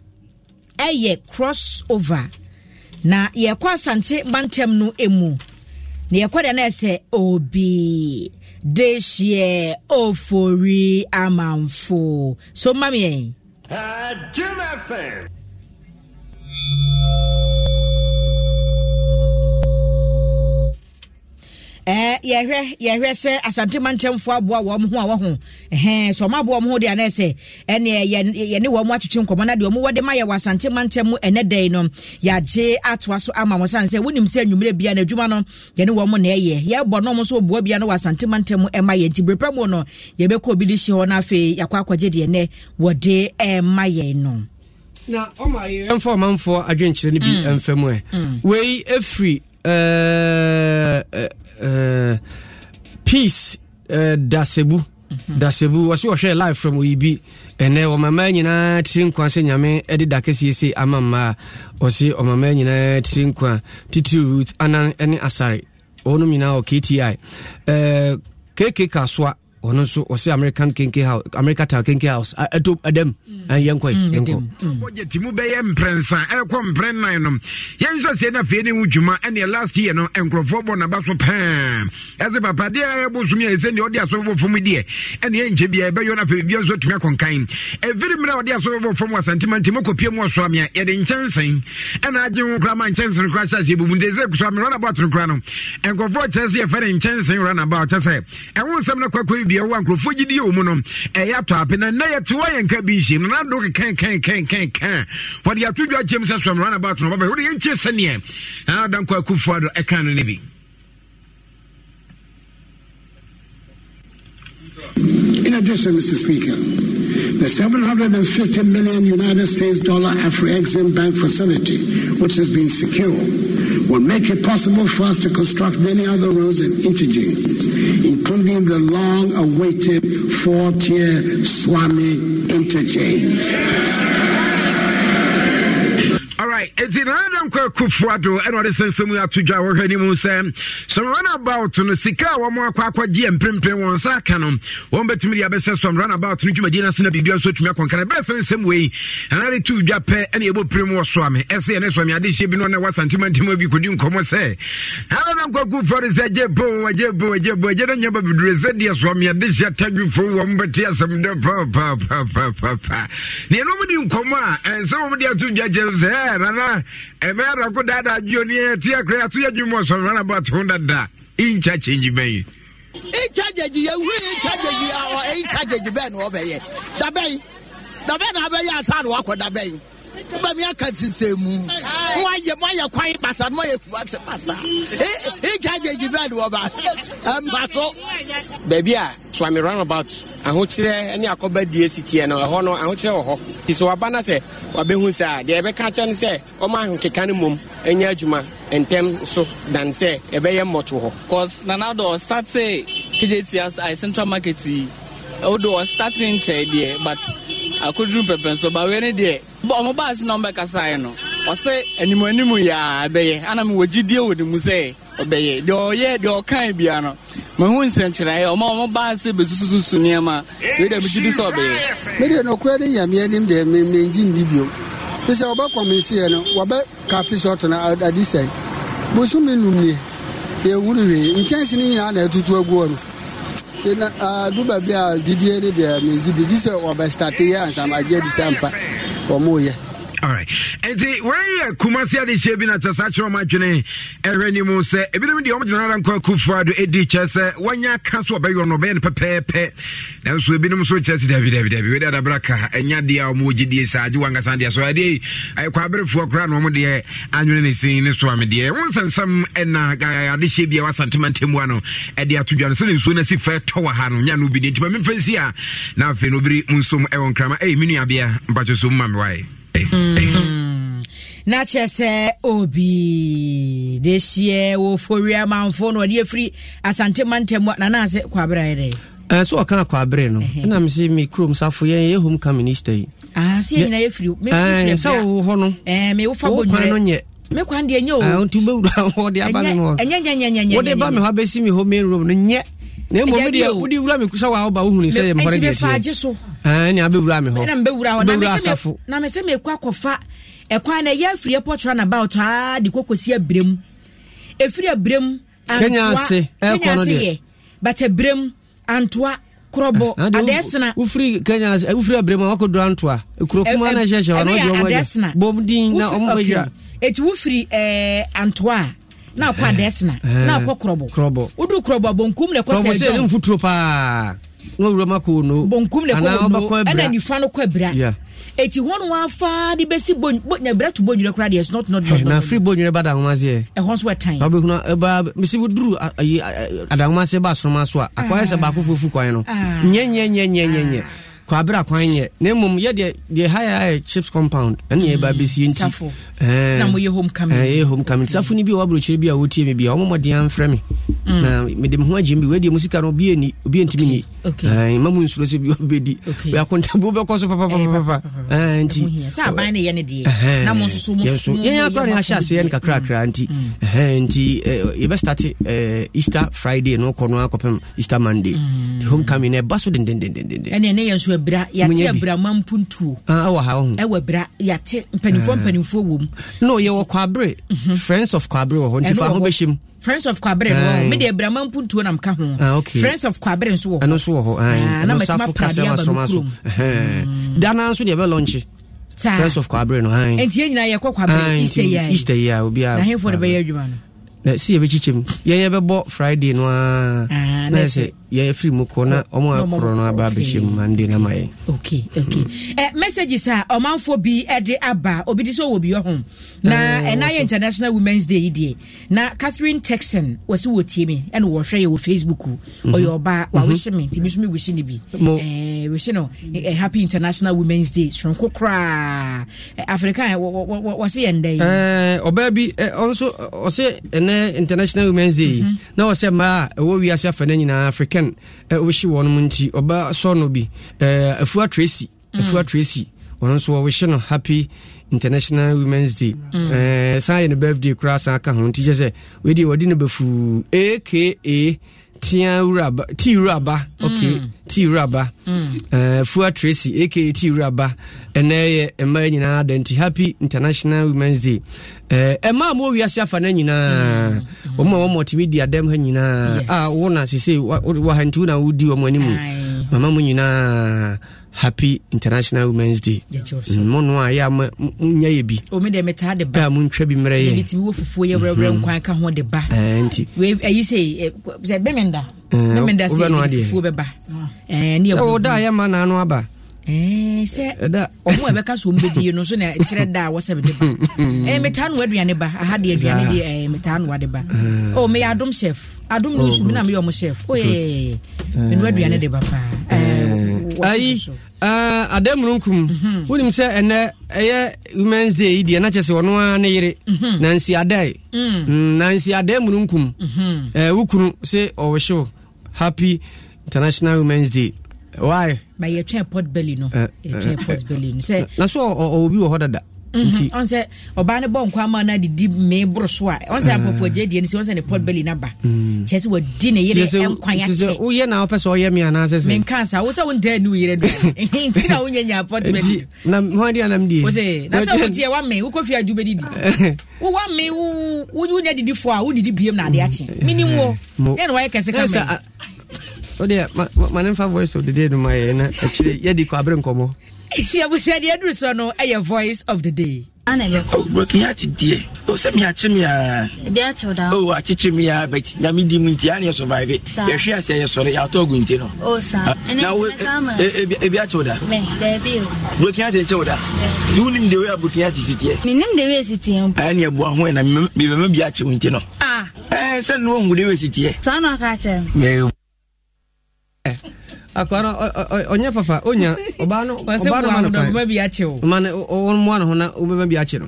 A: ɛyɛ cross over na yɛkɔ asante mantam no mu na yɛkɔ deɛ no ɛsɛ obi dehyeɛ ofori amanfo so ma meɛ
C: Jim FM.
A: ɛɛ eh, yɛhwɛ yɛhwɛ sɛ asante mantamfoɔ aboa wɔn ho a wɔho ɛhɛn sɛ ɔmo aboa wɔn ho deɛ anɛsɛ ɛnɛ yɛ yɛne wɔn atwitwi nkɔmɔ na deɛ ɔmo wɔde ma yɛ wɔ asante mantam mu ɛnɛ dan no yɛagye atoa so ama wɔn san sɛ wɔnim sɛ nnwumire bia na adwuma no yɛne wɔn na ɛyɛ yɛbɔ no ɔmo nso boa bia no wɔ asante mantam mu ɛma yɛ nti berepɛ mu no yɛbɛkɔ obi de hyɛ hɔ na afei yɛakɔ akɔgye na
B: ɔmo ayɛ yɛn fɔ ɔmanfoɔ adwenkyerɛ no bi mm. mfɛm mm. wei efiri E, e, peace e, dasebu mhm. dasebu wɔsi wɔhwɛ live from oyibi ɛnɛ ɔmama nyinaa tiri nkwa sɛ nyame de daka siesie ama mmaa ɔsi ɔmama nyinaa tiri nkwa titiri root anan ne asare wɔnom nyinaa wɔ kti uh, kk kasoa ɔno nso ɔsɛ american kenke house america town kenke house ɛto ɛdɛm mm. yɛnkɔ mm. yɛnkɔ bɔgyɛti mm. mu bɛyɛ mprɛnsa ɛkɔ mprɛn nan no yɛnhyɛ sie na afei
I: ni ho dwuma ɛneɛ last year no nkurɔfoɔ bɔ naba so paa ɛsɛ papa deɛ ɛbosome a ɛsɛ neɛ ɔde asɔbɔfo mu deɛ ɛneɛ nkyɛ bia ɛbɛyɛ no afei bibia nso atumi akɔnkan ɛfiri mmerɛ ɔde asɔbɔfo mu asantema nti mu ɔsoa me a ma no deɛ nkurɔfoɔ wɔ mu no ɛyɛ atɔ ape na yɛte bi wɔde ato dwa kyɛm sɛ wode sɛneɛ akufo ado ɛka no bi
C: In addition, Mr. Speaker, the 750 million United States dollar Afro-Exim Bank facility, which has been secured, will make it possible for us to construct many other roads and interchanges, including the long-awaited four-tier Swami interchange.
I: right eti na adam kɔ akufo ado ɛna ɔde sɛnsɛm yi ato dwa wɔhwɛ anim sɛ some runabout no sika a wɔn akɔ akɔgye mprempren wɔn nsa aka no wɔn bɛtumi de abɛsɛ some runabout no dwumadie n'ase na biribi nso atumi akɔnkana bɛyɛ sɛnsɛm wei ɛna de tu dwa pɛ ɛna ebɔ pirim wɔ soa me ɛsɛ yɛn soa ade hyɛ bi na ɔna wasa ntoma ntoma bi kodi nkɔmɔ sɛ adam ɛna anaa ɛbɛyɛ adako daadaa bio ne ɛteɛ kora ato yɛ adwuma ɔsɔmfa no bɔ to dada incha change bɛyi
J: incha gyegyi yɛhuri incha gyegyi ɔ incha gyegyi bɛɛ na ɔbɛyɛ dabɛyi dabɛyi na abɛyɛ asa na wakɔ dabɛyi wobɛmi aka nsensɛn mu moayɛ moayɛ kwan basa no moayɛ fuase basa incha gyegyi bɛɛ na ɔba mpa so
B: baabi a swami runabout ahokyerɛ ne akɔbadie sitiɛ no ɛhɔ no ahokyerɛ wɔ hɔ nti so waba no sɛ wabɛhu sɛ a deɛ ɛbɛka kyɛ no sɛ ɔma ahokeka no mmom ɛnyɛ adwuma ntɛm so dan sɛ ɛbɛyɛ mmɔto hɔ
E: cause nanado ɔstate kgt as i central market yi wodo ɔstate nkyɛe deɛ but akoduru pɛpɛ nso, bawe ne deɛ ɔmo baa se na ɔmbɛkasaeɛ no ɔsɛ animanimu yɛa ɛbɛyɛ ana mewɔgyidie wɔ ne mu sɛ ɔbɛyɛ deɛ ɔyɛ deɛ ɔkae bia no mehu nsɛnkyerɛeɛ ɔma ɔmo baa sɛ bɛsusususu nneɛma wei dɛ megye di sɛ ɔbɛyɛ medeɛ nokora de nyameɛ nim deɛ
C: mengye ndi biom te sɛ wɔbɛkɔmenseɛ no wɔbɛkate short no ade sɛe bosome num nie yɛhunu wei nkyɛnse no nyinaa na atutu aguɔ no nti duba bi a didie ne deɛ megye di gye sɛ wɔbɛstate yɛ ansamagye adi sɛ
I: mpa
G: wɔmoyɛ
I: alright nti wɔyɛ kumasi adehyɛ bi na kyɛ saa kyerɛ ɔma adwene ɛhwɛ ni mu sɛ ebinom deɛ ɔmgyina ara nkɔ akufo ado edi kyɛ sɛ wɔnyɛ aka so ɔbɛyɛ no ɔbɛyɛ no pɛpɛɛpɛ nanso ebinom nso kyɛ sɛ dabi dabi dabi wede adabra ka ɛnya deɛ a ɔmo gye die saa agye wankasa deɛ so adeɛ yi ɛkɔ aberefoɔ koraa na ɔmo deɛ anwene ne sin ne so ame deɛ wɔn nsɛnsɛm ɛna adehyɛ bi a wasantema ntɛmua no ɛde ato dwa no sɛ ne nsuo no si fɛ tɔ wɔ ha no nya no bi deɛ nti ma memfa nsi a na afei no obiri mu nso ɛwɔ nkrama ɛyɛ me nuabea mpatwo so mu ma me wae Mm.
A: na kyerɛ sɛ obi dehyɛ wɔfori amanfo no ɔde afiri asante mantam mu nanaasɛ kwaberɛ ayɛ dɛ
B: Uh, so ɔka kwaberɛ no ɛna uh-huh. mese me kurom safo yɛ yɛ home ka minister yi ah, sɛ wowo hɔ nowokwan no nyɛ mekwan deɛ nyɛ nti wobɛwura [LAUGHS] hɔ de aba me hɔ wode ba me hɔ abɛsi me home room no nyɛ na mmom deɛ wode wura me sɛ wawoba wohunu sɛ yɛ mfɔre deɛ ne abɛwura me hɔbɛwura asafo
A: na mesɛ mekɔ akɔfa ɛkwan na ɛyɛ afiri ɛpɔ kyerɛ na bao taa de kɔkɔsi abrɛm ɛfiri abrɛm kenya ase ɛkɔ no deɛ but abrɛm e
B: antoa korɔbɔ eh, adɛsena wofiri kenya ase wofiri eh, abrɛm a wakɔdura ntoa e kurokuma e- na ɛhyɛhyɛ hɔ na wode ɔmɔ bom din na ɔmɔ bɛdwa ɛti wofiri
A: antoa a na akɔ adɛsena eh, na eh, akɔ krɔbɔ krɔbɔ wodu krɔbɔ bonkum na ɛkɔ sɛ ɛdɔn
B: mfuturo paa na owurɔ ma kɔ ono bonkum na ɛkɔ ono ɛna nifa
A: no kɔ abira eti hɔn no afa de besi bo bo na ebira tu bo nyere kora de it's not not not. na
B: firi bo nyere ba da ahoma seɛ. ɛhɔn so ɛtan. ɔbɛ kuna ɛba eh, misi bi duru ayi adahoma seɛ ba asoroma so a akɔyɛ ah. sɛ baako fufu kwan no nyɛ ah. nyɛ nyɛ nyɛ nyɛ. kwaberɛ kwan yɛ na mmom yɛdeɛ deɛ hayɛ chips compound ɛne yɛba bɛsie ntiyɛ homecoming safo eh, no eh, bi a wabrɛkyerɛ bi a wɔtie me bia ɔmɔmɔden amfrɛ me mm. na mede me ho agyem bi wadeɛ mu sika no obi ntimi ni eh, ma mu nsuro sɛ bi wobɛdi akontabuo bɛkɔ so papapapa ntiyɛnya kora ne ahyɛ aseɛ no kakrakra mm, nti mm. nti yɛbɛstate easter friday no kɔ no akɔpem easter monday nti homecoming no ɛba so dendendendenden
A: bra yɛate ah, bra ma mpuntuo ɛwɔ ha ho ɛwɔ bra yɛate mpanimfoɔ eh.
B: mpanimfoɔ wɔ mu na ɔyɛ wɔ kwabere mhm. friends of kwabere wɔ hɔ eh, nti fa ho bɛhyɛ mu
A: friends of kwabere no eh. mede abrama mpuntuo na mka ho ah, friends of
B: kwabere nso wɔ ɛno nso wɔ hɔ na matumi pade aba ah, no kurom da na nso deɛ ɛbɛlɔnkye hmm. friends of kwabere no ɛnti
A: yɛ nyinaa yɛkɔ kwabere easter yi easter
B: yi a obiara na
A: hemfoɔ no bɛyɛ adwuma no
B: na si yɛbɛkyikyɛ mu yɛyɛ bɛbɔ friday no a na ɛsɛ yɛfiri mu kɔ na ɔmo akorɔ no aba abɛhyɛ mu mande no ama yɛ okay okay
A: mm. eh, messages a ɔmanfoɔ bi de aba obi di sɛ ɔwɔ bi ɔho na ɛna yɛ international women's day deɛ na catherine texon wɔsi wɔ tie me ɛna wɔhwɛ yɛ wɔ facebook mhm. ɔyɛ ɔbaa wawohyɛ mhm. me nti mi so mi bi wisi no happy international women's day soronko koraa africa wɔsi yɛn dɛ yi
B: ɔbaa bi ɔnso ɔsɛ ɛnɛ international women's day mhm. na ɔsɛ mmaa a ɛwɔ wiase afɛ ne nyinaa africa weekend wɔhye wɔ no mu nti ɔba sɔ no bi eh, afua tracy mm. afua tracy ɔno nso wɔhye no happy international womens day mm. eh, san yɛ no birthday koraa san ka ho nti kyɛ sɛ wedi wɔde no bɛfuu aka tiawuraba tiwuraba ok mm. tiwuraba mm. uh, fua tracy aka tiwuraba mma yɛ mmaa nyinaa da nti happy international women's day ɛma uh, mm. a mawiase afa no nyinaa ɔma wɔ mɔtumi di adam ha nyinaa a wo na sesei wahanti wo na wodi wɔ mo animu mama mu nyinaa happy international womens day mm, mo no a yɛ ama nyɛ yɛ bi omi deɛ metaa de ba a montwa bi mmerɛ yɛ
A: bitimi wɔ fufuo yɛ werɛwerɛ mhm. nkwan ka ho de ba nti ayi sɛ sɛ bɛmenda bɛmenda sɛ fufuo bɛba ne yɛ woda
B: a yɛ ma naano aba Eh, sɛ eh, ɔmo a
A: ɛbɛka so ɔmo bɛdi yi no so na kyerɛ da a wɔsɛ bi de ba ɛɛ mm. eh, metaa nua aduane ba aha deɛ aduane deɛ ɛɛ metaa nua de ba ɔ oh, meyɛ adom chef adom no nsu oh, mi na meyɛ ɔmo chef oyɛ oh,
J: menua aduane
B: de ba paa
J: ɛɛ
B: wɔsɛ so. Ah, adamununkum mhm. wonim sɛ ɛnɛ ɛyɛ womens day yi deɛ na kyɛ sɛ ɔno ara ne yere mhm. nansi adae mm. mm, nansi adamununkum mhm. wo kunu sɛ ɔwehyew happy international womens day why ba
A: yɛtwɛn port belly no
B: eh, yɛtwɛn eh, port
A: eh. belly no sɛ na so obi wɔ hɔ dada mm-hmm. nti ɔn sɛ ɔbaa ne bɔ nkwa ama na didi mee boro so a ɔn sɛ afɔfo gye die ne sɛ ɔn sɛ ne port belly na ba mm. kyerɛ sɛ wadi ne yere nkwan akyɛ
B: woyɛ na wopɛ sɛ ɔyɛ me anaasɛ sɛ menka
A: sa wo sɛ wontaa ni wo
B: yere do [LAUGHS]
A: [LAUGHS] nti na wonyɛ nya port belly na ho adeɛ anam die wo sɛ na sɛ wotiɛ wame wokɔ fie adwo bɛdidi [LAUGHS] wowame wonya didifoɔ a wonidi biem na adeɛ akye menim wɔ dɛn na wayɛ kɛse ka mɛ
B: wodeɛ ma ne mfa voice of the day no ma yɛ na akyire yɛdi kɔ abere nkɔmmɔ yɛbusua deɛ ɛduru so no ɛyɛ voice of the day oh, brokin ati die o oh, sɛ mi akyi mi aa
G: o akyikyi mi aa but nyame di mu nti a ne yɛ survive yɛhwɛ a sɛ yɛsɔre yɛatɔ gu nti no
F: oh, na wo e,
G: e, ebi akyew da brokin ati nkyɛw da do wonim de wei a brokin ati si teɛ
F: ɛɛ
G: ne ɛboa ho ɛ na mebɛma bi akyew
B: nti no ah. ɛɛ sɛ ne wohu de wei si
F: teɛ
B: Eh. akwara onye papa onya ọbaano ọbaano manu kwan ọba bi akye o manu ọwọn mu ano ho na ọba bi akye no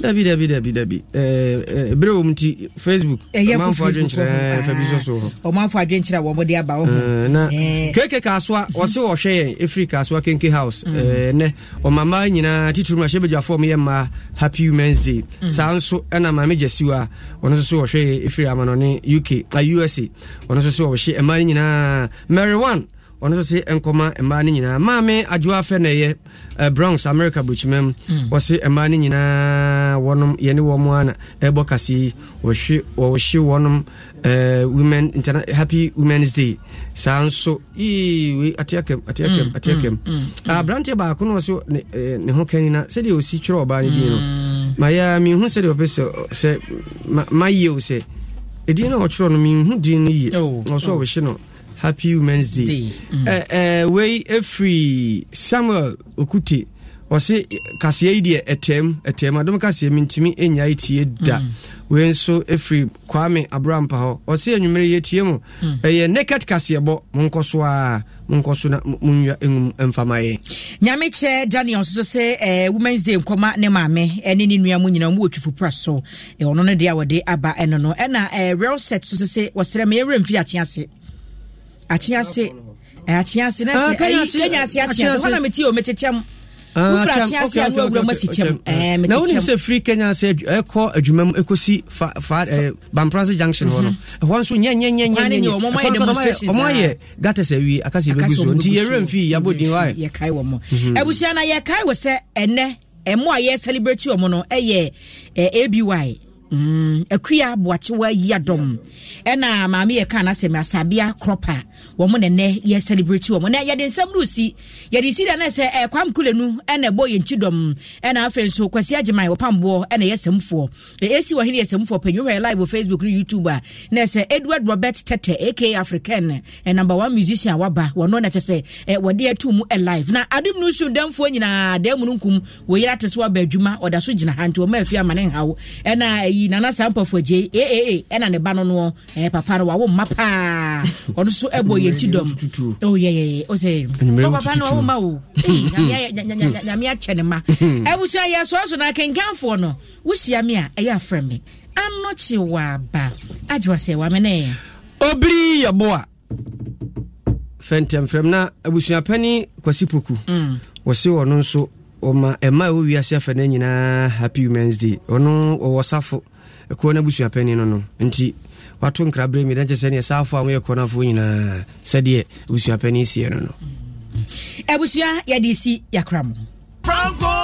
B: dabi dabi dabi dabi ebere eh, eh, wɔn ti facebook eh, ɔmanfo adwenkyerɛ fɛbi ah. soso hɔ
A: ɔmanfo adwenkyerɛ wɔn de aba wɔn
B: na keke kasoa wɔsi wɔhwɛ yɛn efiri kasoa kenke house ɛɛ mm. nɛ ɔmama nyinaa titiri mu ahyɛ bedwafoɔ mu yɛ mmaa happy women's day mm. saa nso ɛna maame gyesiwa ɔno nso so wɔhwɛ yɛn efiri amanɔne uk ah, a usa ɔno nso so wɔhyɛ mmaa nyinaa mary one ɔno nso se nkɔma mmaa no nyinaa maame adwoa afɛ na ɛyɛ bronx america bukyima mu mm. wɔse mmaa no nyinaa wɔnom yɛne wɔ mu ana ɛbɔ kase yi wɔhye wɔnom uh, women interna- happy women's day saa nso ateakam ateakam hmm, ateakam hmm, hmm, aberanteɛ baako no ɔso eh, ne ho kani na sɛdeɛ ɔsi twerɛ ɔbaa no din no mayɛ menhu sɛdeɛ ɔpɛ sɛ mayeo sɛ ɛdin no a ɔtwerɛ no menhu din no yie ɔso ɔwehye no happy womens day mm. eh, eh, wei ɛfiri samuel okute wɔse kaseɛ yi deɛ ɛtɛm ɛtɛm adom kaseɛ mentumi ɛnya ɛtie da mm. wei nso ɛfiri kwame abrampa hɔ ɔse anwummere yɛtie mu mm. ɛyɛ naked kaseɛbɔ monkɔ so a monkɔ so na monwa ɛnum mfama yɛ
A: nyame kyɛ daniel nso sɛ eh, womens day nkɔma ne maame eh, ne ne nua mu nyinaa mu wɔ twifo pra so eh, ɔno no deɛ a wɔde aba ɛno no ɛna real set so sɛ sɛ wɔserɛ ma yɛwerɛ mfi akye akyease akyease na ah, eh, kenya ase akyease wọn ah, eh, na mi ti o metekyɛm wofura kyɛm na wonim sɛ
B: firi kenya ase ɛkɔ adwuma mu ɛkɔsi bamprase junction hɔ mhm. mhm. eh, no ɛhɔ nso nyɛ nyɛ nyɛ nyɛ nyɛ ayɛ demonstrations ɔmo ayɛ gatas awie akasi so nti yɛrɛ nfi yabɔ
A: wɔ sɛ ɛnɛ ɛmo a yɛ celebrate wɔn no ɛyɛ aby Mm, akuya aboakyewa yi adɔm ɛna maame yɛ kaa nasɛm asabea krɔpa wɔn nenɛ yɛ celebrate wɔn na yɛde nsɛm no si yɛde si da na sɛ ɛɛ kwam kule no ɛna ɛbɔ yɛn kyi dɔm ɛna afei nso kwasi agyeman wɔpamboɔ ɛna yɛ sɛmfoɔ esi wɔ hene yɛ sɛmfoɔ panyin hɔ live wɔ facebook ne youtube a na sɛ edward robert tete aka african ɛ number one musician waba wɔn no na kyɛ sɛ ɛ wɔde ɛtu mu alive na adum no su dɛmfoɔ nyinaa dɛm no nkum wɔyɛ atɛsɛ waba adwuma ɔda so gyina ha nti wɔn afi ama ne nhaw ɛna ɛy ayi nana saa mpɔfo agye ee ɛna ne ba no no ɛɛ papa no wawo mma paa [LAUGHS] ɔno so ɛbɔ yɛn ti
E: dɔm
A: o yɛ yɛ o sɛ
E: ɔ papa no wawo mma o nyame akyɛ ne ma hmm.
A: abusua yɛ soɔso na akenkanfoɔ no wohyia me a ɛyɛ afrɛ me anɔkye waaba agye wasɛ wamene
B: obiri yɛboa fɛntɛmfrɛm na abusua kwasi poku hmm. wɔse ɔno nso ɔma ɛma ɛwɔ wiase afa no nyinaa happy womens day ɔno ɔwɔ safo ɛkuɔ no abusuapani no no nti wato nkra berɛ mi dɛnkyɛ sɛneɛ saafo a moyɛ kɔnoafoɔ nyinaa sɛdeɛ abusuapani siɛ no no
A: abusua yɛde si yakra mo Franco!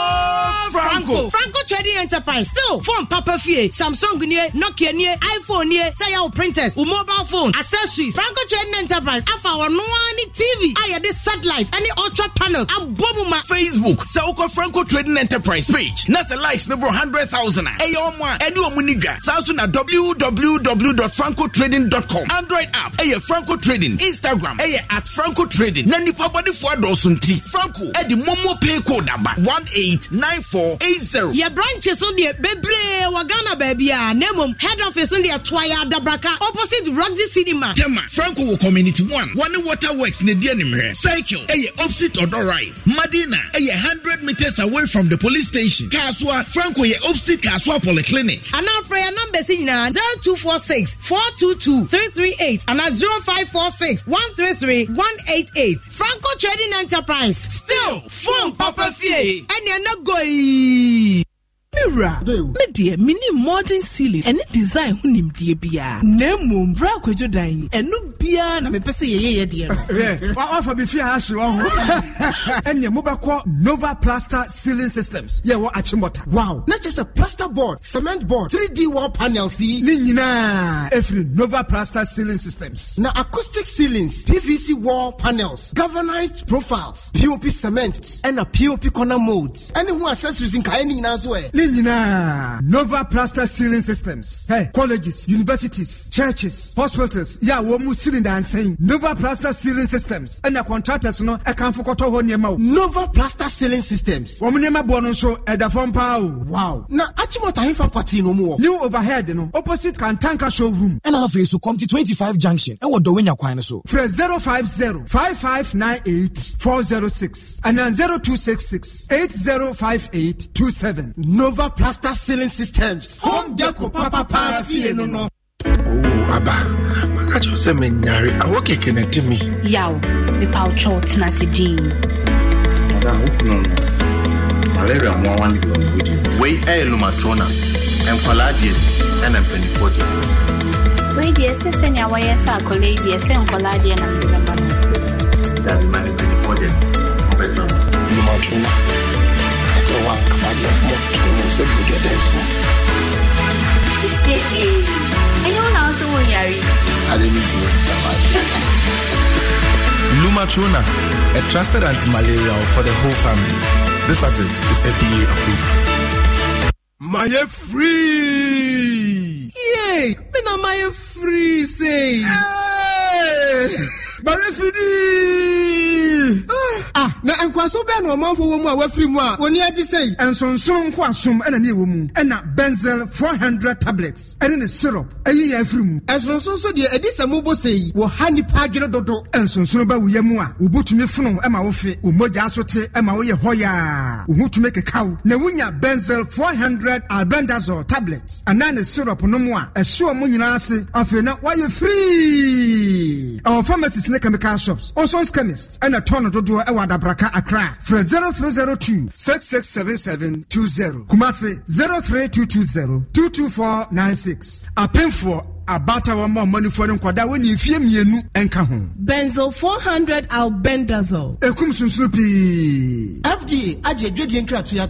A: franco franco trading enterprise still phone papa fie samsung nie nokia
E: nie iphone nie sɛyɛ wo printers wo mobile phone accessories franco trading enterprise afa wɔn noa tv a yɛde satellite any ultra panels abɔ ma. facebook sɛ wokɔ franco
K: trading enterprise page na sɛ likes ne bɔ hundred thousand a ɛyɛ ɔmo a ɛne ɔmo ni dwa saa nso na www.francotrading.com android app ɛyɛ franco trading instagram ɛyɛ at franco trading na nipa bɔdefoɔ adɔɔso nti franco di momo pay code aba one
A: eight nine four. 80. Your branches on the Bebre Wagana baby. Nemum head office on the Twaya Dabraka opposite Roxy Cinema. Tema Franco will community one. One
K: water works in the Dianimere. Cycle. A opposite Odor Rise. Madina. A hundred meters away from the police station. Kaswa Franco ye opposite Kaswa Polyclinic.
A: two four six four two two three three eight. and zero five four six one three three
E: one eight eight. Franco Trading Enterprise. Still phone Papa Fee. And you're not going. Merci. mewura me deɛ menim modern ceiling ɛne design ho [LAUGHS] nimdeɛ biara na mmom berɛ akwadwo dan yi ɛno biara na mepɛ sɛ yɛyɛyɛ deɛ
J: no wafa bɛfie a ahye wɔ ho ɛneɛ mobɛkɔ nova plaster ceiling systems yɛwɔ akyemɔta wow na kyerɛ sɛ plaster board cement board 3d wall panels yi ne nyinaa ɛfiri e nova plaster ceiling systems na acoustic ceilings pvc wall panels galvanized profiles pop cement ɛna pop corner molds ɛne
G: ho accessories nkaeɛ no nyinaa nso
J: ɛ e ne nyinaa nova plaster ceiling systems hey, colleges universities churches hospitals yɛ a wɔn mu sini dansɛn nova plaster ceiling systems ɛna contractors no ɛkanfo kɔtɔ hɔ nneɛma o. nova plaster ceiling systems. wɔn nneɛma bɔ no nso ɛda fam paa o. wow na achimota hefa pɔtii no mu wɔ. new overhead no opposite kantanka showroom. ɛna afei so kɔmti twenty five junction ɛwɔ dɔwɛnya kwan no so. frɛ zero five zero five five nine eight four zero six ɛna zero two six six eight zero five eight two seven nova. over plaster ceiling systems home deco papapa fie
H: oh, no e no aba maka kyerɛ sɛ menyare awɔ kɛkɛ na di me
F: yaw mepaw kyɛw tena se din
G: malaria mmoawa ne dɔnwodi wei ɛyɛ lomatrona nkwalaa deɛ ɛna
F: wei deɛ ɛsɛ sɛnea wɔyɛ sɛ akɔla yi deɛ sɛ nkwalaa deɛ na medebɛma no
G: dade ma ne mpanifoɔ mali a trusted anti-malarial for the whole family. This advert is FDA approved. My free!
J: Yay! Men are my free, say! Hey! My free! Ah, ah. na nkwaso bɛɛ na ɔmanfo wɔ mu a wafiri mu a wɔni agye sɛi nsonson nko asom Ena ne ɛwɔ mu ɛna benzel 400 tablets ɛne ne syrup ɛyi yɛ afiri mu nsonson so deɛ ɛdi sɛ mobɔ sɛi wɔha nnipa adwene dodo nsonson bɛwuyɛ mu a wobotumi fono ma wo fe wo mogya so te ma woyɛ hɔyaa wo ho tumi kekaw na wonya benzel 400 albendazol tablets. anaa ne syrup no mu a ɛhyew mu nyinaa ase afei na woayɛ firii ɛwɔ pharmacies ne chemical shops osons chemist Ena ton. no dodoɔ ɛwɔ adabraka akra frɛ 0302 6677 20 kumase 03220 22496 apemfoɔ abata wɔn a ɔmanifo no nkɔda wɔn ni mfie mmienu nka ho.
E: benzo four
J: hundred albendazole. ekum sunsun pii. fda agye edwadie nkratoya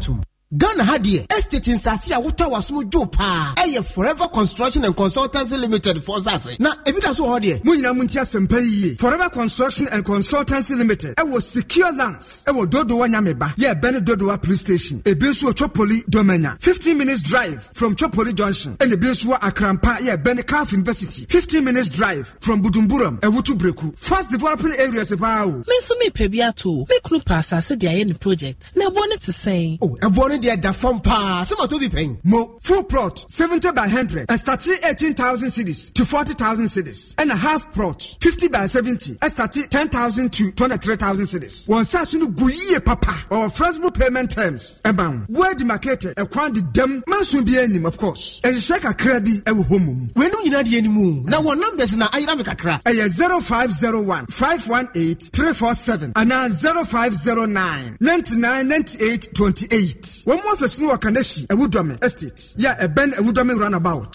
J: ghana ha deɛ estate nsase a wotɔ wasom dwo paa ɛyɛ forever construction and consultancy limited fɔ nsase na ebi da so wɔ hɔ deɛ mo nyinaa mo asɛmpa yie forever construction and consultancy limited ɛwɔ secure lands ɛwɔ dodowa nyameba yɛ ɛbɛn dodowa police station ebi nso wɔ chopoli domenya fifteen minutes drive from chopoli junction ɛna ebi nso wɔ akrampa yɛ ɛbɛn calf university fifteen minutes drive from budumburam ɛwutu breku fast developing areas paa o. mi nso mi pɛ bi ato o pa asase de ayɛ ni project na ɛboɔ ne ti sɛn. o oh, ɛboɔ ne deɛ da fam paa sɛ ma to bi pɛn. mo full plot seventy by hundred ɛstati eighteen thousand cedis to forty thousand cedis ɛna half plot fifty by seventy ɛstati ten thousand to twenty three thousand cedis. wɔn saasi no gu yie papa ɔwɔ flexible payment terms ɛma wo word marketed ɛkwan de dɛm mansion bi anim of course ɛhyehyɛ kakra bi ɛwɔ hɔ mu. wɛnum nyinaa deɛ anim na wɔn numbers na ayira mi kakra. ɛyɛ zero five zero one five one eight three four seven ana zero five zero nine ninety nine ninety eight twenty eight wɔn mu afɛsini wɔ kanehyi awudɔme estate yɛ ɛbɛn awudɔme runabout.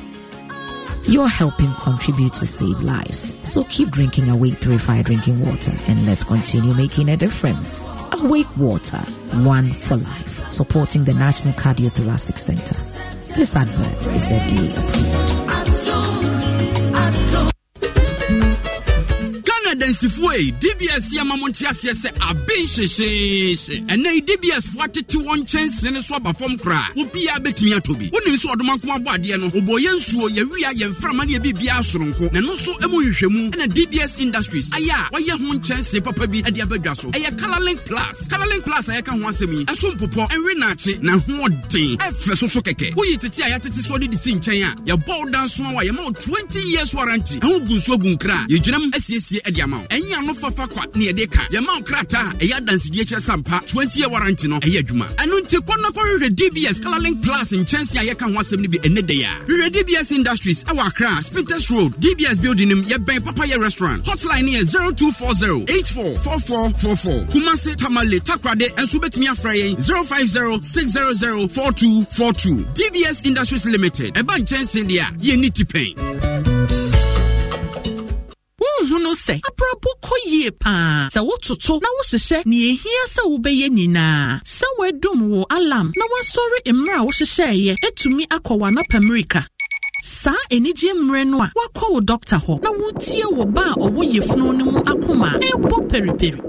A: you're helping contribute to save lives. So keep drinking Awake Purified Drinking Water and let's continue making a difference. Awake Water, one for life, supporting the National Cardiothoracic Center. This advert is FDA
K: approved. adansifoɔ yi dbs yɛ ma mo nte aseɛ sɛ abe hyehyeehye ɛnɛ yi dbs foɔ atete wɔn nkyɛnsee ne so aba fam koraa obiara bɛtumi atɔ bi wonim sɛ ɔdoma nkoma bɔ adeɛ no wɔbɔ yɛn nsuo yɛwia yɛn mframa ne yɛbiribia soronko na ɛno nso mu nhwehwɛmu ɛna dbs industries ayɛ a wɔayɛ ho nkyɛnsee papa bi de abadwa so ɛyɛ colorlink plus colorlink plus a yɛka ho asɛm yi ɛso mpopɔ ɛnwe naakye na hoɔden ɛfɛ soso so kɛkɛ woyi tete a yɛatete so de de si nkyɛn a yɛbɔ wo danso a yɛma wo 20 years warranty ɛho gu nsuo gu nkra a yɛgyinam asiesie de ama ama wo ɛnyɛ ano fafa kwa ne yɛde ka yɛma wo krataa ɛyɛ adansedie kyerɛ sampa 20 year warranty no ɛyɛ adwuma ɛno nti kɔ na kɔhwehwɛ dbs colorlink plus nkyɛnse a yɛka ho asɛm no bi ɛnɛ dɛ a hwehwɛ dbs industries ɛwɔ akra spinters road dbs building nim yɛbɛn papayɛ restaurant hotline ne yɛ four four. kumase tamale takrade ɛnso wobɛtumi afra yɛn two. dbs industries limited ɛba nkyɛnse deɛ a yɛnni
H: tipɛn
E: no sɛ abrabɔ kɔ yie paa sɛ wototo na wohyehyɛ nea ehia sɛ wobɛyɛ nyinaa sɛ woadom wo alam na woasɔre mmerɛ a wohyehyɛeɛ atumi akɔ w'anapammirika saa anigye mmerɛ no a woakɔ wo dɔkta hɔ na wotie wɔ ba a ɔwɔ yafunu no mu akoma ɛbɔ periperi